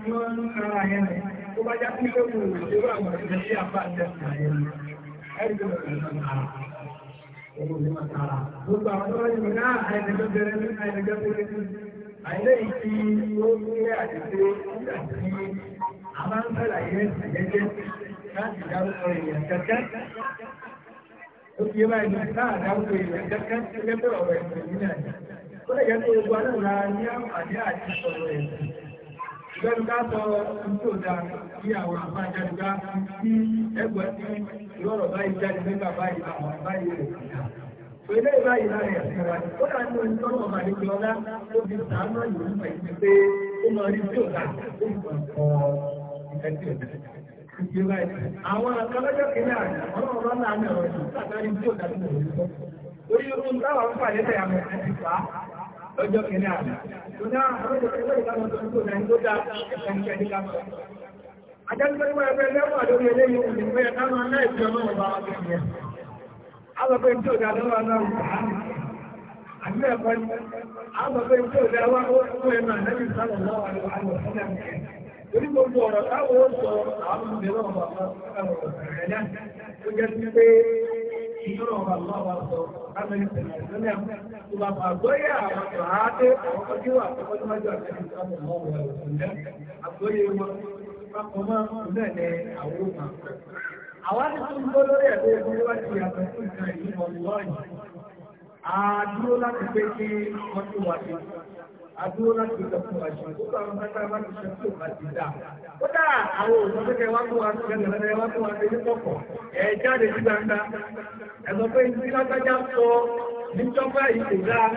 tí wọ́n ń kára yẹn tó bá já sí lóko ìṣòro àwọn ìṣẹ̀lẹ̀ àbá àti ẹ̀sìn àyẹ̀wò. Gbogbo àwọn tó wáyé mọ̀ná àìlẹ́gbẹ́ bẹ̀rẹ̀ ní àìlẹ́gbẹ́ bẹ̀rẹ̀ ní àìlẹ́ ìfi ó ní àdìsẹ́ nígbà tí a máa ń fẹ́lá ìrẹ́ ìjẹ́jẹ́ láti dárúkọ èèyàn kẹ́kẹ́. Ó fi yé báyìí láà dárúkọ èèyàn kẹ́kẹ́ gẹ́gẹ́ bẹ̀rẹ̀ ọ̀rọ̀ ẹ̀sìn nílẹ̀. Ó lè jẹ́ pé gbogbo aláwọ̀ la ní àǹfààní àti sọ̀rọ̀ ẹ̀sìn. Ìgbẹ́nu ká sọ ní tòdà bí àwọn àbájáde bá ti ẹgbẹ̀ẹ́ ìlú ọ̀rọ̀ báyìí jáde nígbà báyìí àwọn báyìí rẹ̀ kìlá. Ilé ìbáyìí lára ẹ̀sìn wa ni ó dàbí orin tọ́nà ọmọ àdéjọ ọlá tó fi sàánú ìlú nípa ìpè pé ó lọ rí sí òkà ó ń kọ̀ ìfẹ́ sí òkà. Àwọn akọ́lọ́jọ́ kìíní àná ọlọ́run bá náà ní ọ̀rọ̀ yìí látàrí sí òkà tó wọ̀nyí lọ. Orí ohun táwọn ń pàdé tẹ̀ àmọ̀ ẹ̀ ti fà á kìíní àná. Ìgbà Adájúgbẹ́gbẹ́ ẹgbẹ́ lẹ́wà lórí eléyìí ìgbẹ́ ẹ̀ká máa láìsí ọmọ ọba wa bí i. Alọ́gbẹ́ tí ó dá lọ́wọ́ náà àbí ẹ̀kọ́ ni, alọ́gbẹ́ tí ó dá wá ó fún ẹnu àlẹ́bí sálọ̀ lọ́wọ́ àwọn àwọn ọ̀sán Orí gbogbo ọ̀rọ̀ táwọn ó sọ àwọn ìbẹ̀rẹ̀ ọ̀bà ọ̀rẹ́dá tó jẹ́ sí pé ìṣòro ọ̀bà lọ́wọ́ sọ lábẹ́ ìṣẹ̀lẹ̀ ìṣẹ̀lẹ̀ tó bá àgbóyè àwọn ọ̀rọ̀ àádé àwọn ọjọ́ àtọ́kọ́jọ́ àti ìṣẹ̀lẹ̀ ọ̀bà ọ̀rẹ́dá àgbóyè wọn bákanáà náà lẹ àwọn ọmọ. Àwọn ti tún gbọ́ lórí ẹ̀kọ́ ìgbìmọ̀ láti yàtọ̀ fún ìtàn ìlú ọ̀lọ́yìn. A dúró láti pé kí wọ́n ti wà sí. A dúró láti lọ fún wa ṣe. Gbogbo àwọn bàtà bá ti ṣe tó bá ti dà. Kódà àwọn òṣèlú kẹ wá fún wa sí ẹ̀rọ ẹ̀rọ wá fún wa sí ní kọ̀kọ̀. Ẹ jáde sí gbangba. Ẹ sọ pé ní lágbájá sọ níjọba yìí kò dáa.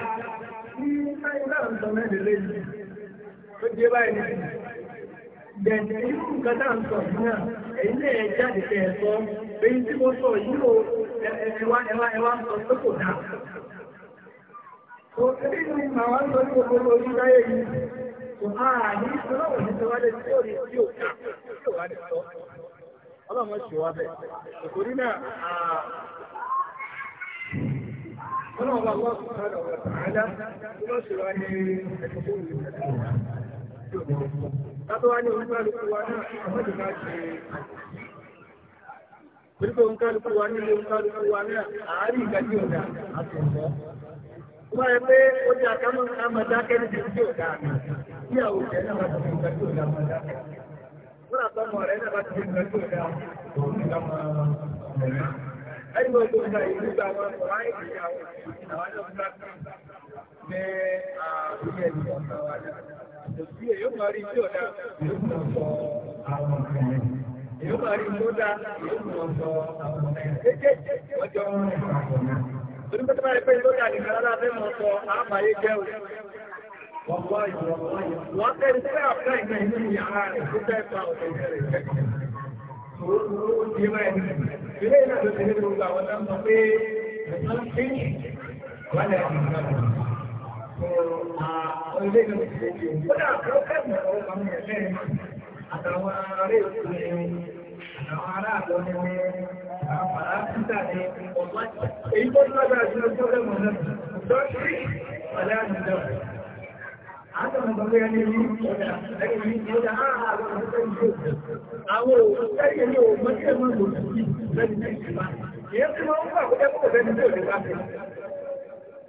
Ní sáyẹn náà ń sọ mẹ́rin lẹ́yìn. Ó di báyìí Dẹ̀dẹ̀ irú nǹkan ń sọ yìí náà, èyí lè jáde fẹ́ ẹ̀sọ́, tí mo sọ ẹwà ẹwà sọ kò ní sọ ní gbogbo orí láyé yìí, kò ní ní tí rí tí sọ. wá bẹ̀. náà, bá wọ́n Látọ́ wá ní oníkálùkù wa náà, àmọ́jù máa ṣe Oríkò oníkálùkù wa nílé oníkálùkù wa náà, àárí ìgbàjí ọ̀dà àtọ̀ọ̀tọ̀. Ó máa rẹ pé ó jẹ́ àkámọ́ àmọ̀dákẹ́ ní ìgbàjí ọ̀dà àmì, bí àwọn òṣèré náà bá ti fi ìgbàjí ọ̀dà àmọ̀dákẹ́. Wọ́n àtọ́mọ̀ rẹ̀ náà bá ti fi ìgbàjí ọ̀dà àmọ̀dákẹ́. Ẹni mọ̀ tó ń gba ìlú gba àwọn ọ̀rá ìgbéyàwó àwọn ọ̀dọ́ ní àwọn ilé ẹ̀dùn ọ̀sán wa Yóò máa rí tí ó dá. Yóò máa sọ àwọn ọ̀rẹ́ rẹ̀. Yóò máa rí tí ó dá. Yóò máa sọ àwọn ọ̀rẹ́ rẹ̀. Jẹ́jẹ́ ọjọ́ ọ̀rẹ́ rẹ̀. Torí pé tó bá rí pé tó dá nìkan lára fẹ́ mọ̀ sọ àbáyé jẹ́ o. Wọ́n fẹ́ ní pé àpẹ́ ìgbẹ́ ìlú ìyàrá rẹ̀ tó fẹ́ pa ọ̀rẹ́ rẹ̀. Ilé ìlànà ìlú àwọn ọmọ pé ẹ̀sán sí wálẹ̀ ọ̀rẹ́ rẹ̀. Àtàwọn ará ìlú ni àwọn ará àlọ́ ni àwọn ará títà ni ọ̀pá. Èyí tó lọ́gbà jù lọ sọ́dọ̀ mọ̀ náà, lọ́sí ọ̀dá àjùjọ. Àtàwọn ọ̀gbọ̀n ẹni ní ọjà, ẹni ní ọjà ààrùn ọ̀pọ̀ ìjọ. Àwọn òṣèrè ní òmọ́kẹ́ mọ́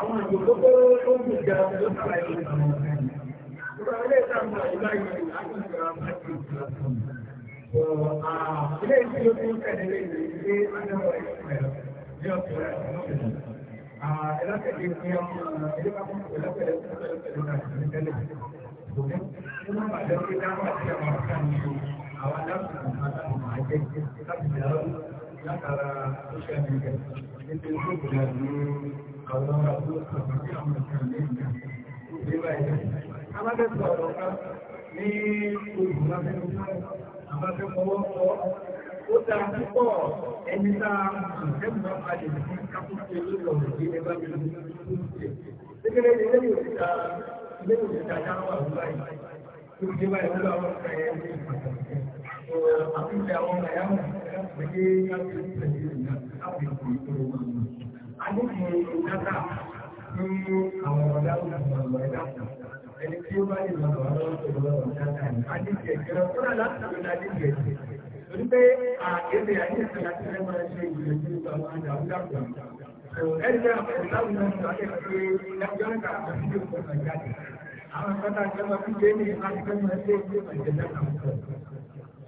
àwọn ìjòkó tó ó ń gbìyànjú àwọn ọmọ ìgbà ilé ìgbàmọ̀ ilé ìgbàmọ̀ ìgbà ìgbà ilé ìgbà ilé ìgbà ilé ìgbà ilé ìgbà ilé ìgbà ilé látara social media nítorí tó gbìyà ní àwọn ọmọ àbúrò sọ̀rọ̀ ní àwọn ìṣẹ̀lẹ̀ ní ìgbà ó fi báyìí. a máa fẹ́ sọ̀rọ̀ ká ní olùgbàmẹ́lúmọ́ àbáfẹ́fọwọ́ sọ ó dáa púpọ̀ ẹni tá a ṣẹ̀mọ́ àlè fún kápútì lórí ọ̀rọ̀ yìí ẹgbẹ́ mi ló ń ṣe. kékeré ni lẹ́yìn òṣìṣà lẹ́yìn òṣìṣà dáná pẹ̀lú láti pẹ̀lú ìlú láti ìpòlòpòlò wọn. A ní kí ìdáta ní àwọn ọ̀dá òṣùwọ̀n ẹ̀dá ẹni tí ó bá ní ìlànà àwọn ọ̀dọ́ ìdáta ní adíjẹ̀ ìjọba tó rà láti ìlú adíjẹ̀ ìjẹ̀. Torí pé àgbébé àyíṣẹ́ láti rẹ̀ máa ṣe ìgbìyànjú àwọn àdàwùdàpọ̀. Ẹgbẹ́ àpẹẹrẹ láwùjọ àti àti ẹgbẹ́